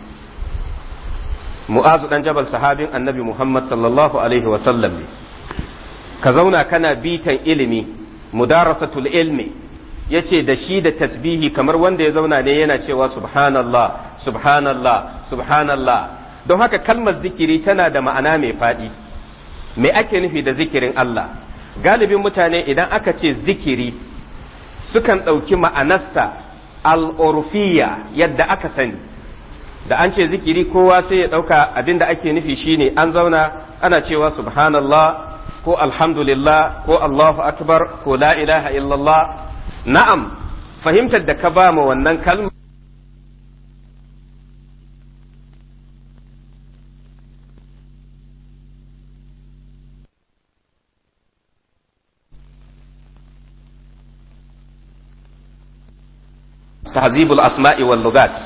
mu'az dan jabal sahabin annabi muhammad sallallahu alaihi wa sallam ne ka zauna kana bitan ilimi mudarasatul ilmi yace da shi da tasbihi kamar wanda ya zauna ne yana cewa subhanallah subhanallah subhanallah don haka kalmar zikiri tana da ma'ana mai faɗi me ake nufi da zikirin Allah galibin mutane idan aka ce zikiri sukan ɗauki ma'anarsa al'urfiya yadda aka sani da an ce zikiri kowa sai ya ɗauka abin da ake nufi shine an zauna ana cewa subhanallah ko alhamdulillah ko allahu akbar ko la ilaha illallah na'am fahimtar da ka ba wannan kalma. tahzibul asma'i wal lugat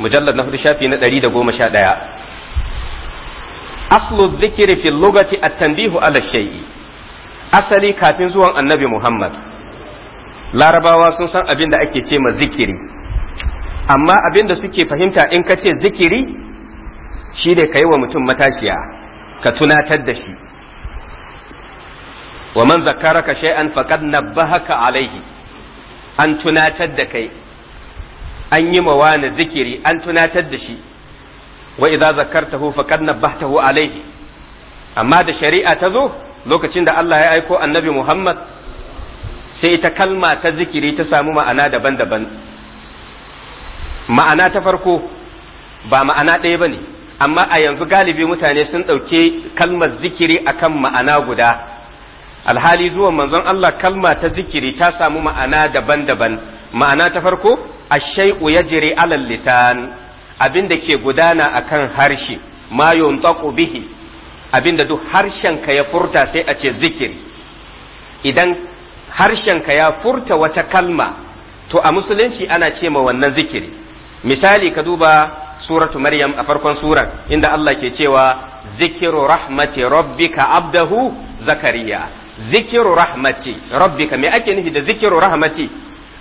mujallad na hudu shafi na 111 aslu dhikri fil lugati at-tanbihu ala shay'i asali kafin zuwan annabi Muhammad larabawa sun san abin da ake ce ma zikiri amma abin da suke fahimta in ka ce zikiri shi ne ka yi wa mutum matashiya ka tunatar da shi wa man zakaraka shay'an faqad nabbahaka alaihi an tunatar da kai an yi mawana zikiri an tunatar da shi wa idza zakartahu faqad nabbahtahu alaihi amma da shari'a ta zo lokacin da Allah ya aiko annabi Muhammad sai ita kalma ta zikiri ta samu ma'ana daban-daban ma'ana ta farko ba ma'ana ɗaya ba ne amma a yanzu galibi mutane sun ɗauke kalmar zikiri akan ma'ana guda alhali zuwan manzon Allah kalma ta zikiri ta samu ma'ana daban-daban ma'ana ta farko ya yajri alal lisan abin da ke gudana akan harshe ma yuntaqu bihi abin da duk harshen ka ya furta sai a ce zikiri idan harshen ka ya furta wata kalma to a musulunci ana ce ma wannan zikiri misali ka duba suratu maryam a farkon suran inda Allah ke cewa zikiru rahmati rabbika abdahu zakariya zikiru rahmati rabbika me ake nufi da zikiru rahmati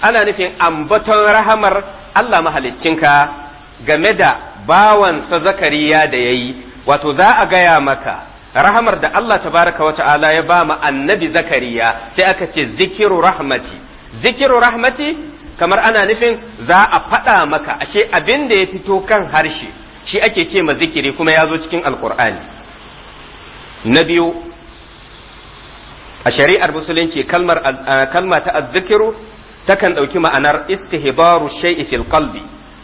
ana nufin ambaton rahamar Allah mahaliccinka game da bawansa zakariya da ya yi wato za a gaya maka rahamar da Allah tabaraka wa ta'ala ya ba ma annabi zakariya sai aka ce zikiru rahmati zikiru rahmati kamar ana nufin za a faɗa maka ashe abin da ya fito kan harshe shi ake ce ma zikiri kuma ya zo cikin alkur'ani na biyu a shari'ar musulunci kalmar eh, kalma ta azzikiru takan ɗauki ma'anar istihbaru shay'i fil qalbi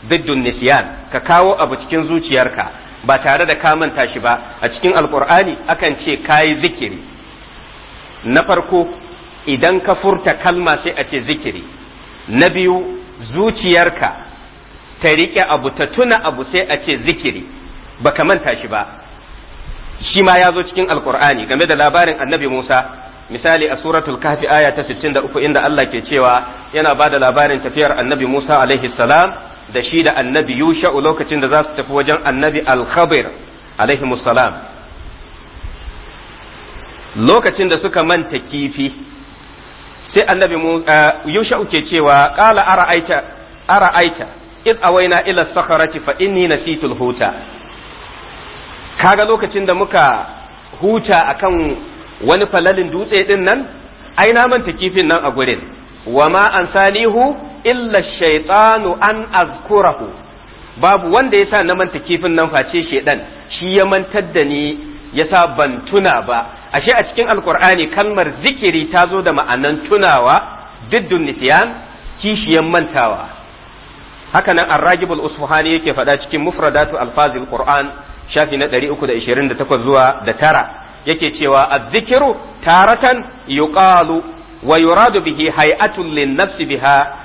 biddun nisyan ka kawo abu cikin zuciyarka ba tare da ka manta shi ba a cikin alqur'ani akan ce kayi zikiri na farko idan ka furta kalma sai a ce zikiri na biyu zuciyarka ta riƙe abu ta tuna abu sai a ce zikiri baka manta shi ba shi ma ya zo cikin alqur'ani game da labarin annabi Musa misali a suratul kafi aya ta 63 inda Allah ke cewa yana bada labarin tafiyar annabi Musa alaihi salam da shi da annabi Yusha lokacin da za su tafi wajen annabi al alaihi salam lokacin da suka manta kifi sai annabi eh, Yusha ke cewa qala ara'aita ara'aita id awaina ila sakharati fa inni nasitul huta kaga lokacin da muka huta akan wani falalin dutse din nan aina manta kifin nan a gurin wa ma an sanihu illa shaitanu an azkurahu babu wanda yasa na manta kifin nan face shedan shi ya mantar da ni yasa ban tuna ba ashe a cikin alkur'ani kalmar zikiri ta zo da ma'anan tunawa diddun nisyan kishiyan mantawa haka nan arragibul usfuhani yake faɗa cikin mufradatu alfazil qur'an shafi na 328 zuwa da tara yake cewa azzikiru taratan yuqalu wa yuradu bihi hay'atun lin nafsi biha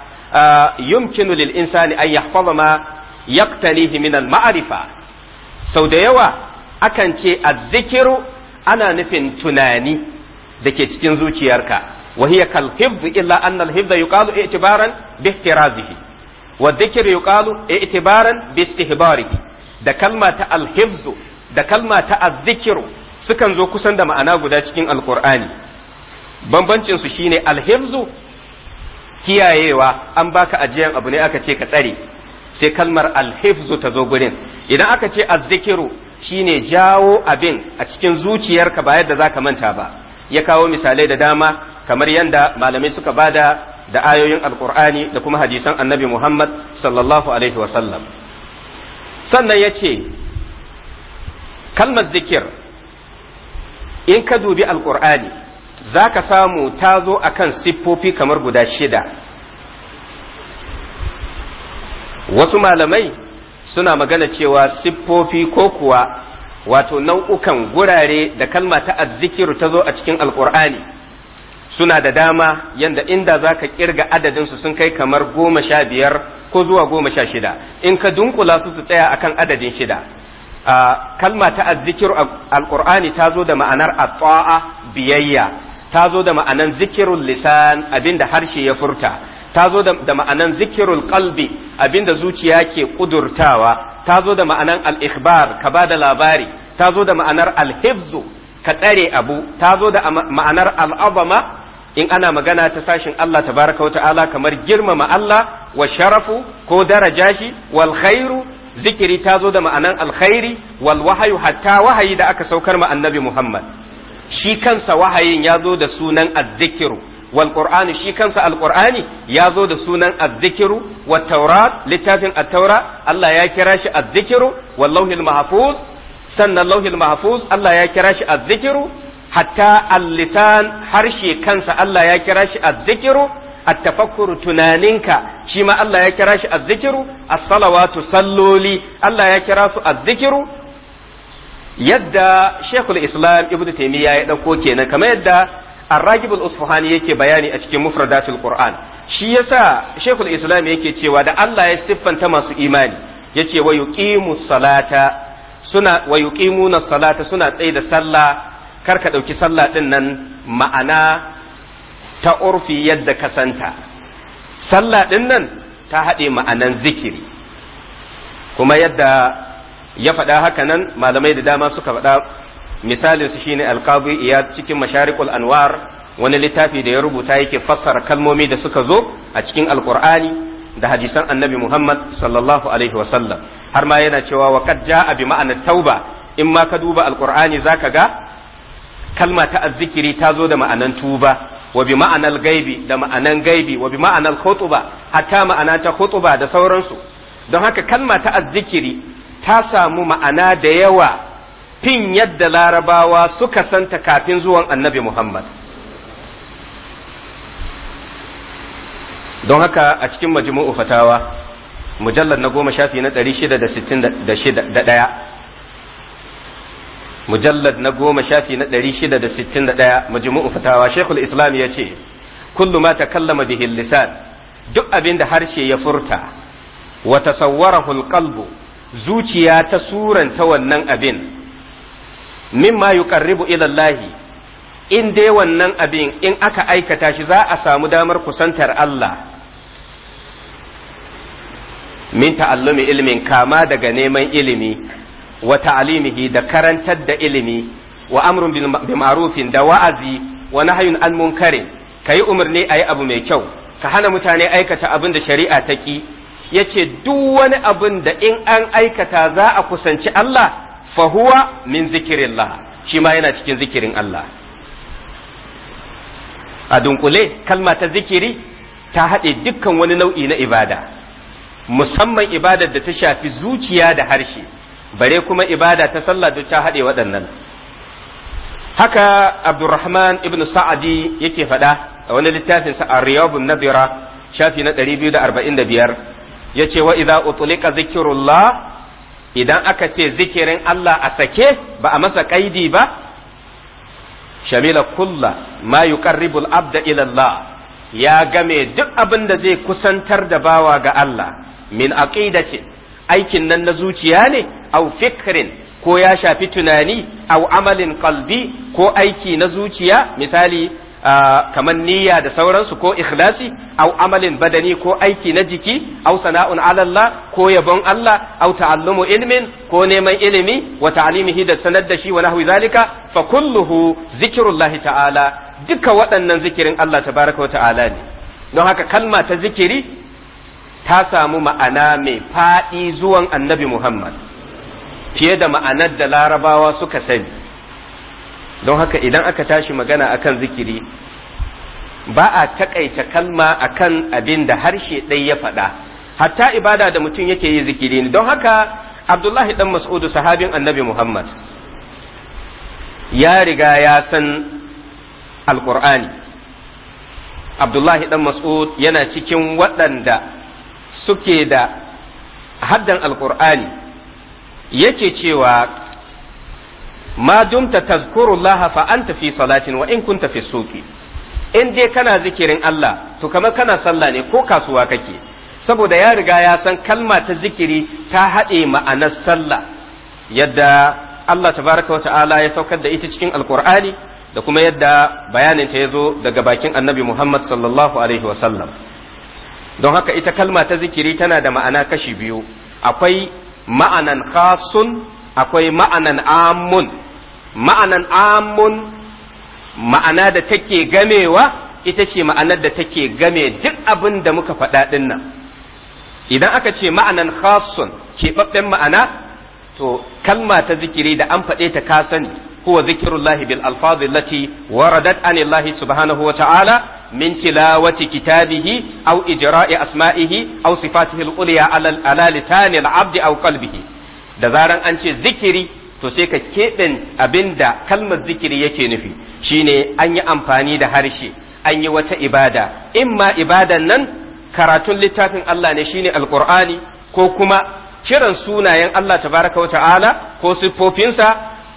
yumkinu lil insani an yahfaza ma yaqtalihi min al ma'rifa sau da yawa akan ce azzikiru ana nufin tunani da ke cikin zuciyarka wa hiya kal hifz illa anna al hifz yuqalu i'tibaran bi ihtirazihi wa dhikru yuqalu i'tibaran bi istihbarihi da kalma ta al da kalma ta azzikiru sukan zo kusan da ma'ana guda cikin alkur'ani bambancinsu su shine alhifzu kiyayewa an baka ajiyan abu ne aka ce ka tsare sai kalmar alhifzu ta zo gurin idan aka ce azzikiru shine jawo abin a cikin zuciyarka ba yadda zaka manta ba ya kawo misalai da dama kamar yadda malamai suka bada da ayoyin alkur'ani da kuma hadisan annabi muhammad sallallahu alaihi wasallam sannan ya ce kalmar zikir in ka dubi alkur'ani za ka samu tazo zo a kan siffofi kamar guda shida wasu malamai suna magana cewa siffofi ko kuwa wato nau'ukan gurare da kalma ta azzikiru ta zo a cikin alkur'ani suna da dama yanda inda za ka kirga adadinsu sun kai kamar goma sha biyar ko zuwa goma sha shida in ka dunkula su su tsaya akan adadin shida kalma ta azzikiru Alƙur'ani ta zo da ma'anar at biyayya ta zo da ma'anan zikirul lisan abinda harshe ya furta ta zo da ma'anan zikirul ƙalbi abinda zuciya ke ƙudurtawa ta zo da ma'anan al ka ba da labari ta zo da ma'anar al ka tsare abu ta zo da ma'anar al'azama in ana magana ta sashin Allah tabaraka wa ta'ala kamar girmama Allah wa sharafu ko daraja shi wal khairu zikiri ta zo da ma'anan alkhairi wal wahayu hatta wahayi da aka saukar ma annabi Muhammad shi kansa wahayin ya zo da sunan azzikiru wal qur'ani shi kansa alqur'ani ya zo da sunan azzikiru wat taurat littafin at-taura Allah ya kira shi azzikiru wal lauhil mahfuz sannan lauhin mahfuz Allah ya kira shi azzikiru hatta al-lisan harshe kansa Allah ya kira shi azzikiru at-tafakkuru tunaninka shi ma Allah ya kira shi az-zikiru as-salawatu salloli Allah ya kira su az-zikiru yadda Sheikhul Islam Ibn Taymiyyah ya dauko kenan kamar yadda الراجب الأصفهاني yake bayani a cikin mufradatul Qur'an shi yasa Sheikhul Islam yake cewa da Allah ya siffanta masu imani yace wa yuqimus salata suna wa salata suna tsaye sallah kar ka ɗauki sallah din nan ma'ana ta urfi yadda ka santa sallah ɗin nan ta haɗe ma'anan zikiri kuma yadda ya faɗa haka nan malamai da dama suka faɗa misalin su shine alqadi iya cikin masharikul anwar wani littafi da ya rubuta yake fassara kalmomi da suka zo a cikin alkur'ani da hadisan annabi Muhammad sallallahu alaihi wasallam har ma yana cewa wa qad jaa bi ma'ana tauba in ma ka duba alkur'ani zaka ga kalma ta azzikiri ta zo da ma'anan tuba Wabi ma'anar gaibi da ma'anan gaibi wabi ma'anar ma'anal hatta ma'ana ta khutuba da sauransu don haka kalma ta azzikiri ta samu ma'ana da yawa fin yadda larabawa suka santa kafin zuwan annabi Muhammad don haka a cikin majmu'u fatawa mujallar na goma shafi na 661 mujallad na goma shafi na ɗari shida da sittin da ɗaya majmu'u fatawa shekul islam ya ce kullu ta kallama bihi lisan duk abin da harshe ya furta wata tasawwarahu alqalbu zuciya ta suranta wannan abin mimma yuqarribu ila Allah in dai wannan abin in aka aikata shi za a samu damar kusantar Allah min ta'allumin ilmin kama daga neman ilimi wa ta'limihi da karantar da ilimi wa amrun bil ma'rufin da wa'azi wa nahyun an munkarin kayi umarni ayi abu mai kyau ka hana mutane aikata abin da shari'a ta ki yace duk wani abin da in an aikata za a kusanci Allah fa huwa min zikirillah shi ma yana cikin zikirin Allah a dunkule kalma ta zikiri ta haɗe dukkan wani nau'i na ibada musamman ibadar da ta shafi zuciya da harshe bare kuma ibada ta sallah duk ta haɗe waɗannan haka abdurrahman ibn sa'adi yake faɗa a wani littafin sa ar-riyabun nadira shafi na 245 yace wa idza utlika zikrullah idan aka ce zikirin Allah a sake ba a masa kaidi ba shamila kulla ma ƙarribul abda ila Allah ya game duk abin da zai kusantar da bawa ga Allah min aqidatin aikin nan na zuciya ne au fikrin ko ya shafi tunani au amalin kalbi ko aiki na zuciya misali kamar niyya da sauransu ko ikhlasi au amalin badani ko aiki na jiki au sana'un alallah ko yabon Allah au ta'allumu ilmin ko neman ilimi wa ta'limihi da sanar da shi wa nahwi zalika fa kulluhu zikrullahi ta'ala duka waɗannan zikirin Allah tabaraka wa ta'ala ne don haka kalma ta zikiri ta samu ma'ana mai faɗi zuwan annabi Muhammad fiye da ma'anar da larabawa suka sani don haka idan aka tashi magana akan zikiri ba a takaita kalma akan abin da harshe ɗai ya faɗa hatta ibada da mutum yake yi zikiri ne don haka abdullahi dan mas'udu sahabin annabi muhammad ya riga ya san alƙur'ani abdullahi dan mas'ud yana cikin waɗanda suke da haddan alƙur'ani yake cewa ma dumta tazkurullah fa anta fi salatin wa in kunta fi suqi in dai kana zikirin Allah to kamar kana sallah ne ko kasuwa kake saboda ya riga ya san kalma ta zikiri ta haɗe ma'anar sallah yadda Allah tabaraka wa ta'ala ya saukar da ita cikin alkur'ani da kuma yadda bayanin ta ya zo daga bakin annabi Muhammad sallallahu alaihi wasallam don haka ita kalma ta zikiri tana da ma'ana kashi biyu akwai ma'anan khasun akwai ma'anan amun ma'anan amun ma'ana da take gamewa ita ce ma'anar da take game duk abin da muka faɗa nan idan aka ce ma'anan khasun keɓaɓɓen ma'ana to kalma ta zikiri da an faɗe ta ka sani huwa zikirullahi bil alfadhi allati waradat anillahi subhanahu wa ta'ala min tilawati kitabihi au ijra'i asma'ihi au sifatihi al-ulya ala lisani al-abdi aw qalbihi da zaran an ce zikiri to sai ka keɓen abinda kalmar zikiri yake nufi shine an yi amfani da harshe an yi wata ibada imma ibadan nan karatun littafin Allah ne shine alqur'ani ko kuma kiran sunayen Allah tabaraka wa ta'ala ko siffofinsa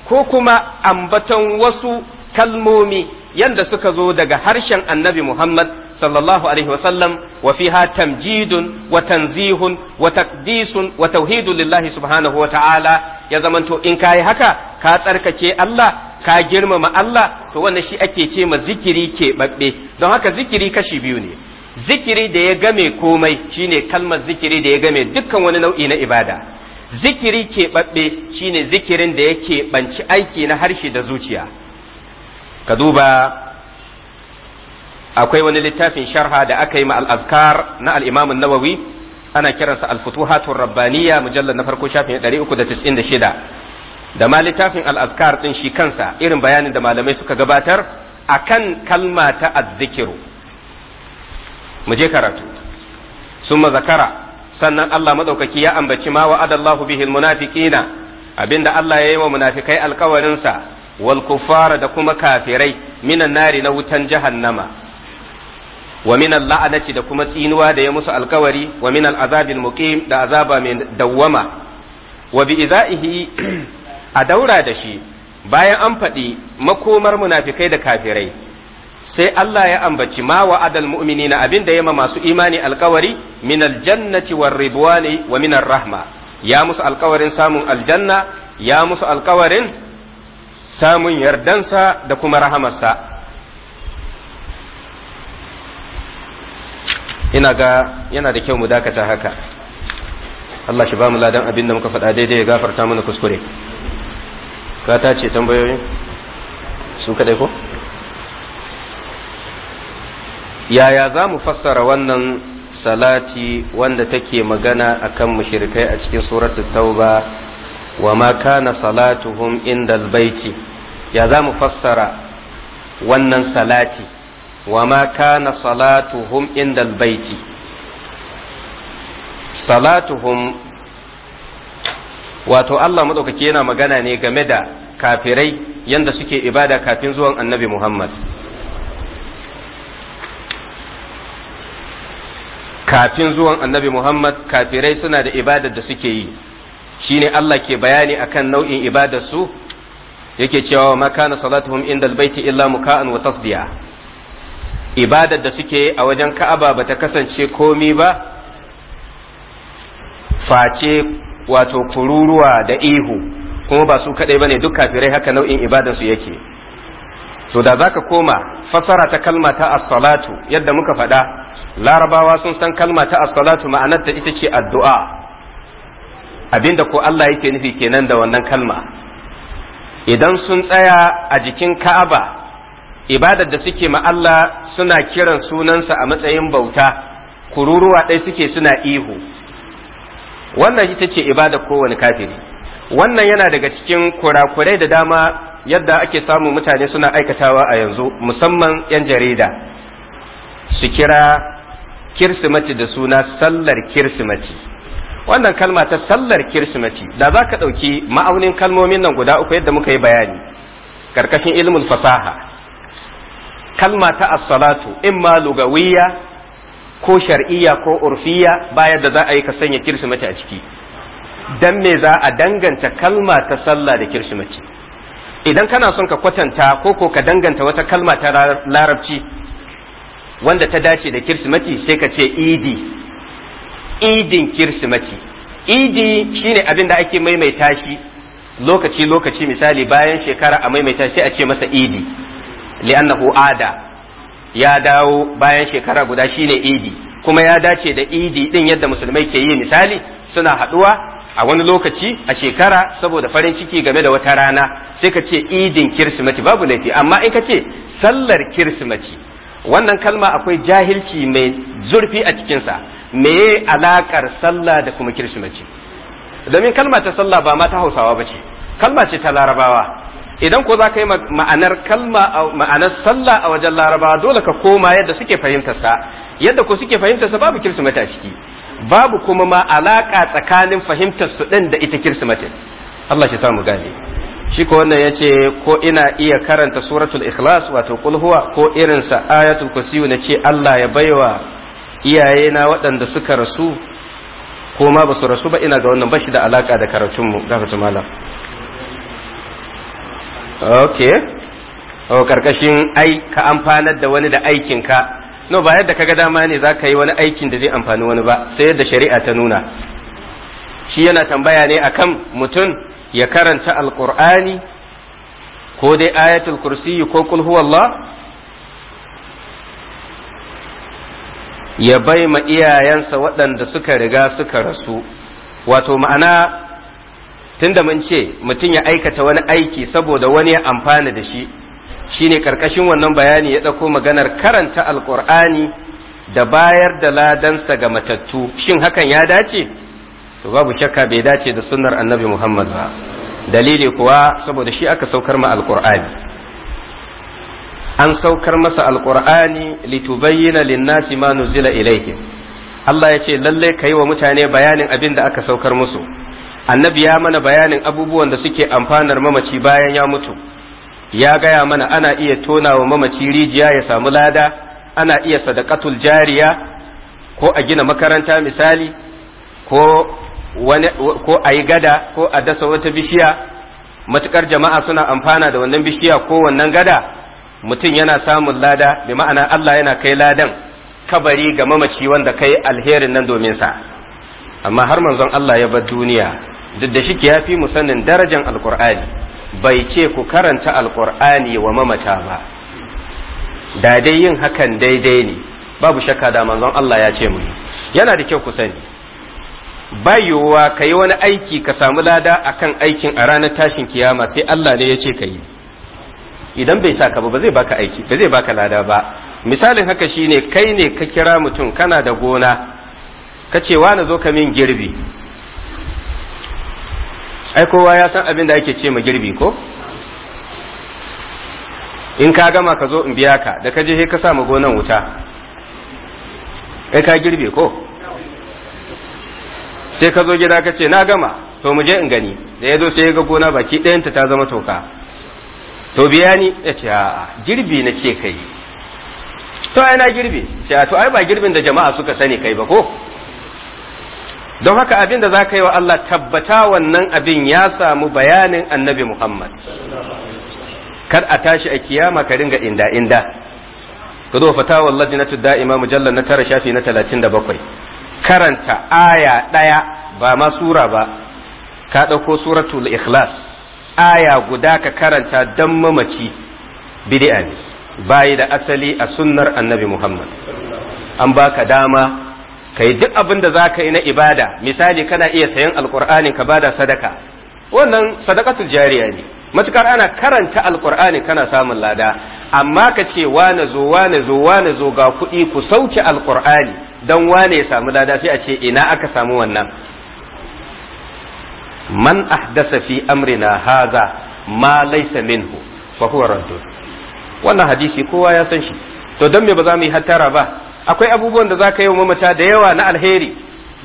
ko kuma ambaton wasu kalmomi yanda suka zo daga harshen annabi Muhammad sallallahu alaihi wasallam wa fiha tamjidun wa tanzihun wa taqdisun wa tauhidun lillahi subhanahu wa ta'ala ya zamanto in kayi haka ka tsarkake Allah ka girmama Allah to wannan shi ake ce ma zikiri keɓaɓɓe don haka zikiri kashi biyu ne zikiri da ya game komai shine kalmar zikiri da ya game dukkan wani nau'i na ibada zikiri keɓaɓɓe shine zikirin da ya keɓanci aiki na harshe da zuciya ka duba akwai wani littafin sharha da aka yi ma al na al nawawi ana kiransa al-futuhatur rabbaniya na farko shafin 396 da ma littafin al ɗin shi kansa irin bayanin da malamai suka gabatar a kan kalma ta azzikiru mu je karatu summa zakara sannan Allah maɗaukaki ya ambaci ma wa'adallahu bihil munafiqina abinda Allah ya yi wa munafikai alkawarinsa wal kuffara da kuma kafirai minan nari na wutan jahannama wa minan la'anaci da kuma tsinuwa da ya musu alkawari wa minal azabil muqim da azaba mai dawwama wa bi izaihi a daura da shi bayan an faɗi makomar munafikai da kafirai sai Allah ya ambaci ma wa adal mu'minina abin da yama masu imani alkawari min aljannati war ne wa minan rahma ya musu alkawarin samun aljanna ya musu alkawarin samun yardansa da kuma rahamarsa ina ga yana da kyau mu dakata haka Allah shi ba mu ladan abin da muka faɗa daidai ya gafarta mana kuskure ka ta ce tambayoyin su kadai ko yaya za mu fassara wannan salati wanda take magana akan mushrikai a cikin suratul tauba wa ma kana salatuhum indal baiti ya za mu fassara wannan salati wa ma kana salatuhum indal baiti salatuhum wato Allah madaukaki yana magana ne game da kafirai yanda suke ibada kafin zuwan annabi Muhammad kafin zuwan annabi Muhammad kafirai suna da ibadar da suke yi Shi ne Allah ke bayani akan nau'in ibadarsu yake cewa ma makana salatuhum indal baiti illa muka'an wa tasdiya ibadar da suke a wajen Ka'aba ba ta kasance komi ba face wato kururuwa da ihu kuma ba su kadai ne duk kafirai haka nau'in ibadarsu su yake to da zaka koma fasara ta kalma ta as-salatu yadda muka faɗa larabawa sun san kalma ta as-salatu ta ita ce addu'a abinda ko Allah yake nufi kenan da wannan kalma idan sun tsaya a jikin ka'aba ibadar da suke ma Allah suna kiran sunansa a matsayin bauta kururuwa ɗai suke suna ihu wannan ita ce ibadar kowane kafiri wannan yana daga cikin kurakurai da dama yadda ake samun mutane suna aikatawa a yanzu musamman 'yan jarida su kira kirsimati da suna sallar kirsimati wannan kalma ta sallar kirsimati da za ka ɗauki ma'aunin kalmomin nan guda uku yadda muka yi bayani karkashin ilmin fasaha kalma ta asalatu, in ma lugawiyya ko shar'iyya ko urfiyya bayan da za a yi ka sanya kirsimati a ciki dan me za a danganta kalma ta sallah da kirsimati idan kana son ka kwatanta ko ko ka danganta wata kalma ta larabci wanda ta dace da kirsimati sai ka ce idi idin kirsimati idi shine abin da ake maimaita shi lokaci lokaci misali bayan shekara a maimaita shi a ce masa idi li'annahu ada ya dawo bayan shekara guda shine idi kuma ya dace da idi din yadda musulmai ke yi misali suna haduwa a wani lokaci a shekara saboda farin ciki game da wata rana sai ka ce idin kirsimati babu laifi amma in ka ce sallar kirsimati wannan kalma akwai jahilci mai zurfi a cikinsa Me alaƙar sallah da kuma kirsimaci domin kalma ta sallah ba ma ta hausawa ba ce kalma ce ta larabawa idan ko za ka yi ma'anar kalma ma'anar sallah a wajen larabawa dole ka koma yadda suke fahimtarsa yadda ko suke sa babu kirsimata ciki babu kuma ma alaƙa tsakanin fahimtar su ɗin da ita kirsimata Allah shi samu gane shi ko wannan yace ko ina iya karanta suratul ikhlas wato kulhuwa ko irin sa ayatul kursiyu na ce Allah ya baiwa iyaye na waɗanda suka rasu ko ma ba su rasu ba ina ga wannan ba shi da alaƙa da karatunmu gafata malam ok o karkashin ai ka amfanar da wani da aikinka no ba yadda kaga dama ne za ka yi wani aikin da zai amfani wani ba sai yadda shari'a ta nuna shi yana tambaya ne akan mutum ya karanta alkur'ani ko dai ayatul kursiyi ko kul ya bai ma iyayensa waɗanda suka riga suka rasu wato ma'ana tunda mun ce mutum ya aikata wani aiki saboda wani ya amfana da shi shine karkashin wannan bayani ya ɗauko maganar karanta alƙur'ani da bayar da ladansa ga matattu shin hakan ya dace to babu shakka bai dace da sunnar annabi muhammad ba dalili kuwa saboda shi aka saukar ma alƙur'ani an saukar masa alqur'ani litubayyana linnasi ma nuzila ilaihim Allah ya ce lalle kai wa mutane bayanin abin da aka saukar musu annabi ya mana bayanin abubuwan da suke amfanar mamaci bayan ya mutu ya gaya mana ana iya tona wa mamaci rijiya ya samu lada ana iya sadaqatul jariya ko a gina makaranta misali ko wani ko a yi gada ko a dasa wata bishiya matukar jama'a suna amfana da wannan bishiya ko wannan gada mutum yana samun lada bi ma'ana Allah yana kai ladan kabari ga mamaci wanda kai alherin nan domin sa amma har manzon Allah ya bar duniya duk da shike yafi mu sanin darajar alqur'ani bai ce ku karanta alqur'ani wa mamata ba da dai yin hakan daidai ne babu shakka da manzon Allah ya ce mu yana da kyau ku sani bayowa ka wani aiki ka samu lada akan aikin a ranar tashin kiyama sai Allah ne ya ce ka yi idan bai sa ka ba zai baka aiki ba zai baka lada ba misalin haka shine kai ne ka kira mutum kana da gona ka ce na zo ka min girbi ai kowa ya san abin da ake ce ma girbi ko in ka gama ka zo in biya ka da ka je ka sa ma gonan wuta kai ka girbe ko sai ka zo gida ka ce na gama to mu je in gani da ya zo sai ya ga gona baki ɗayanta ta zama toka to biya ni ya ce a'a girbi na ce ka yi to ai na girbi ce to ai ba girbin da jama'a suka sani kai ba ko don haka abin da za ka yi wa Allah tabbata wannan abin ya samu bayanin annabi Muhammad kar a tashi a kiyama ka ringa inda inda ka zo fatawar lajinatu da'ima mujallar na tara shafi na talatin da bakwai karanta aya ɗaya ba ma sura ba ka ɗauko suratul ikhlas aya guda ka karanta don mamaci bid'a ne bayi da asali a sunnar annabi Muhammad an baka dama kai duk abin da za ka yi na ibada misali kana iya sayan alkur'ani ka bada sadaka wannan sadakatul jariya ne matukar ana karanta alkur'ani kana samun lada amma ka ce wane zo wane zo wane zo ga kuɗi ku sauke alkur'ani don wane ya samu lada sai a ce ina aka samu wannan man ahdasa fi amrina haza ma laysa minhu fa huwa wannan hadisi kowa ya san shi to don me ba za mu yi hattara ba akwai abubuwan da za ka yi wa mamata da yawa na alheri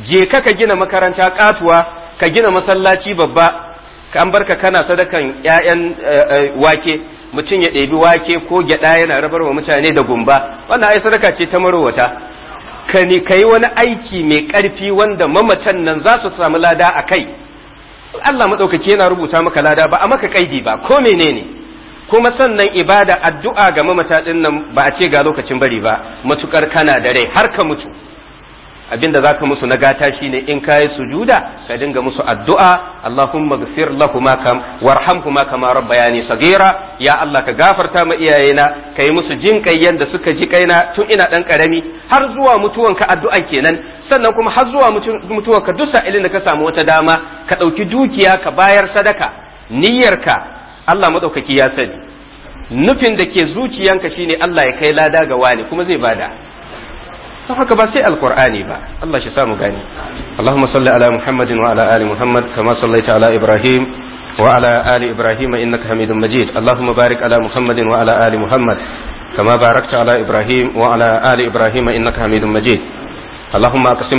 je ka ka gina makaranta katuwa ka gina masallaci babba ka an barka kana sadakan yayan eh, eh, wake mutum ya ɗebi wake ko gyaɗa yana rabar wa mutane da gumba wannan ai sadaka ce ta marowata ka ni yi wani aiki mai ƙarfi wanda mamatan nan za su samu lada a kai Allah maɗaukaki yana rubuta maka lada ba a maka kaidi ba ko menene kuma sannan ibada addu'a ga mamata nan ba a ce ga lokacin bari ba matukar kana da rai har ka mutu abinda za ka musu na gata shi ne in ka yi sujuda ka dinga musu addu'a Allahumma gafir lahuma kam warhamhuma kama sagira ya Allah ka gafarta ma iyayena ka yi musu jin da da suka ji kaina tun ina ɗan karami har zuwa mutuwan ka addu'a kenan sannan kuma har zuwa mutuwan ka dusa ilin da ka samu wata dama ka ɗauki dukiya ka bayar sadaka Niyyar ka, Allah maɗaukaki ya sani nufin da ke zuciyanka shine Allah ya kai lada ga wani kuma zai bada don haka ba sai alkur'ani ba Allah shi samu gani Allahumma salli ala Muhammadin wa ala ali Muhammad kama sallaita ala Ibrahim wa ala ali Ibrahim innaka Hamidum Majid Allahumma barik ala Muhammadin wa ala ali Muhammad kama barakta ala Ibrahim wa ala ali Ibrahim innaka Hamidum Majid اللهم اقسم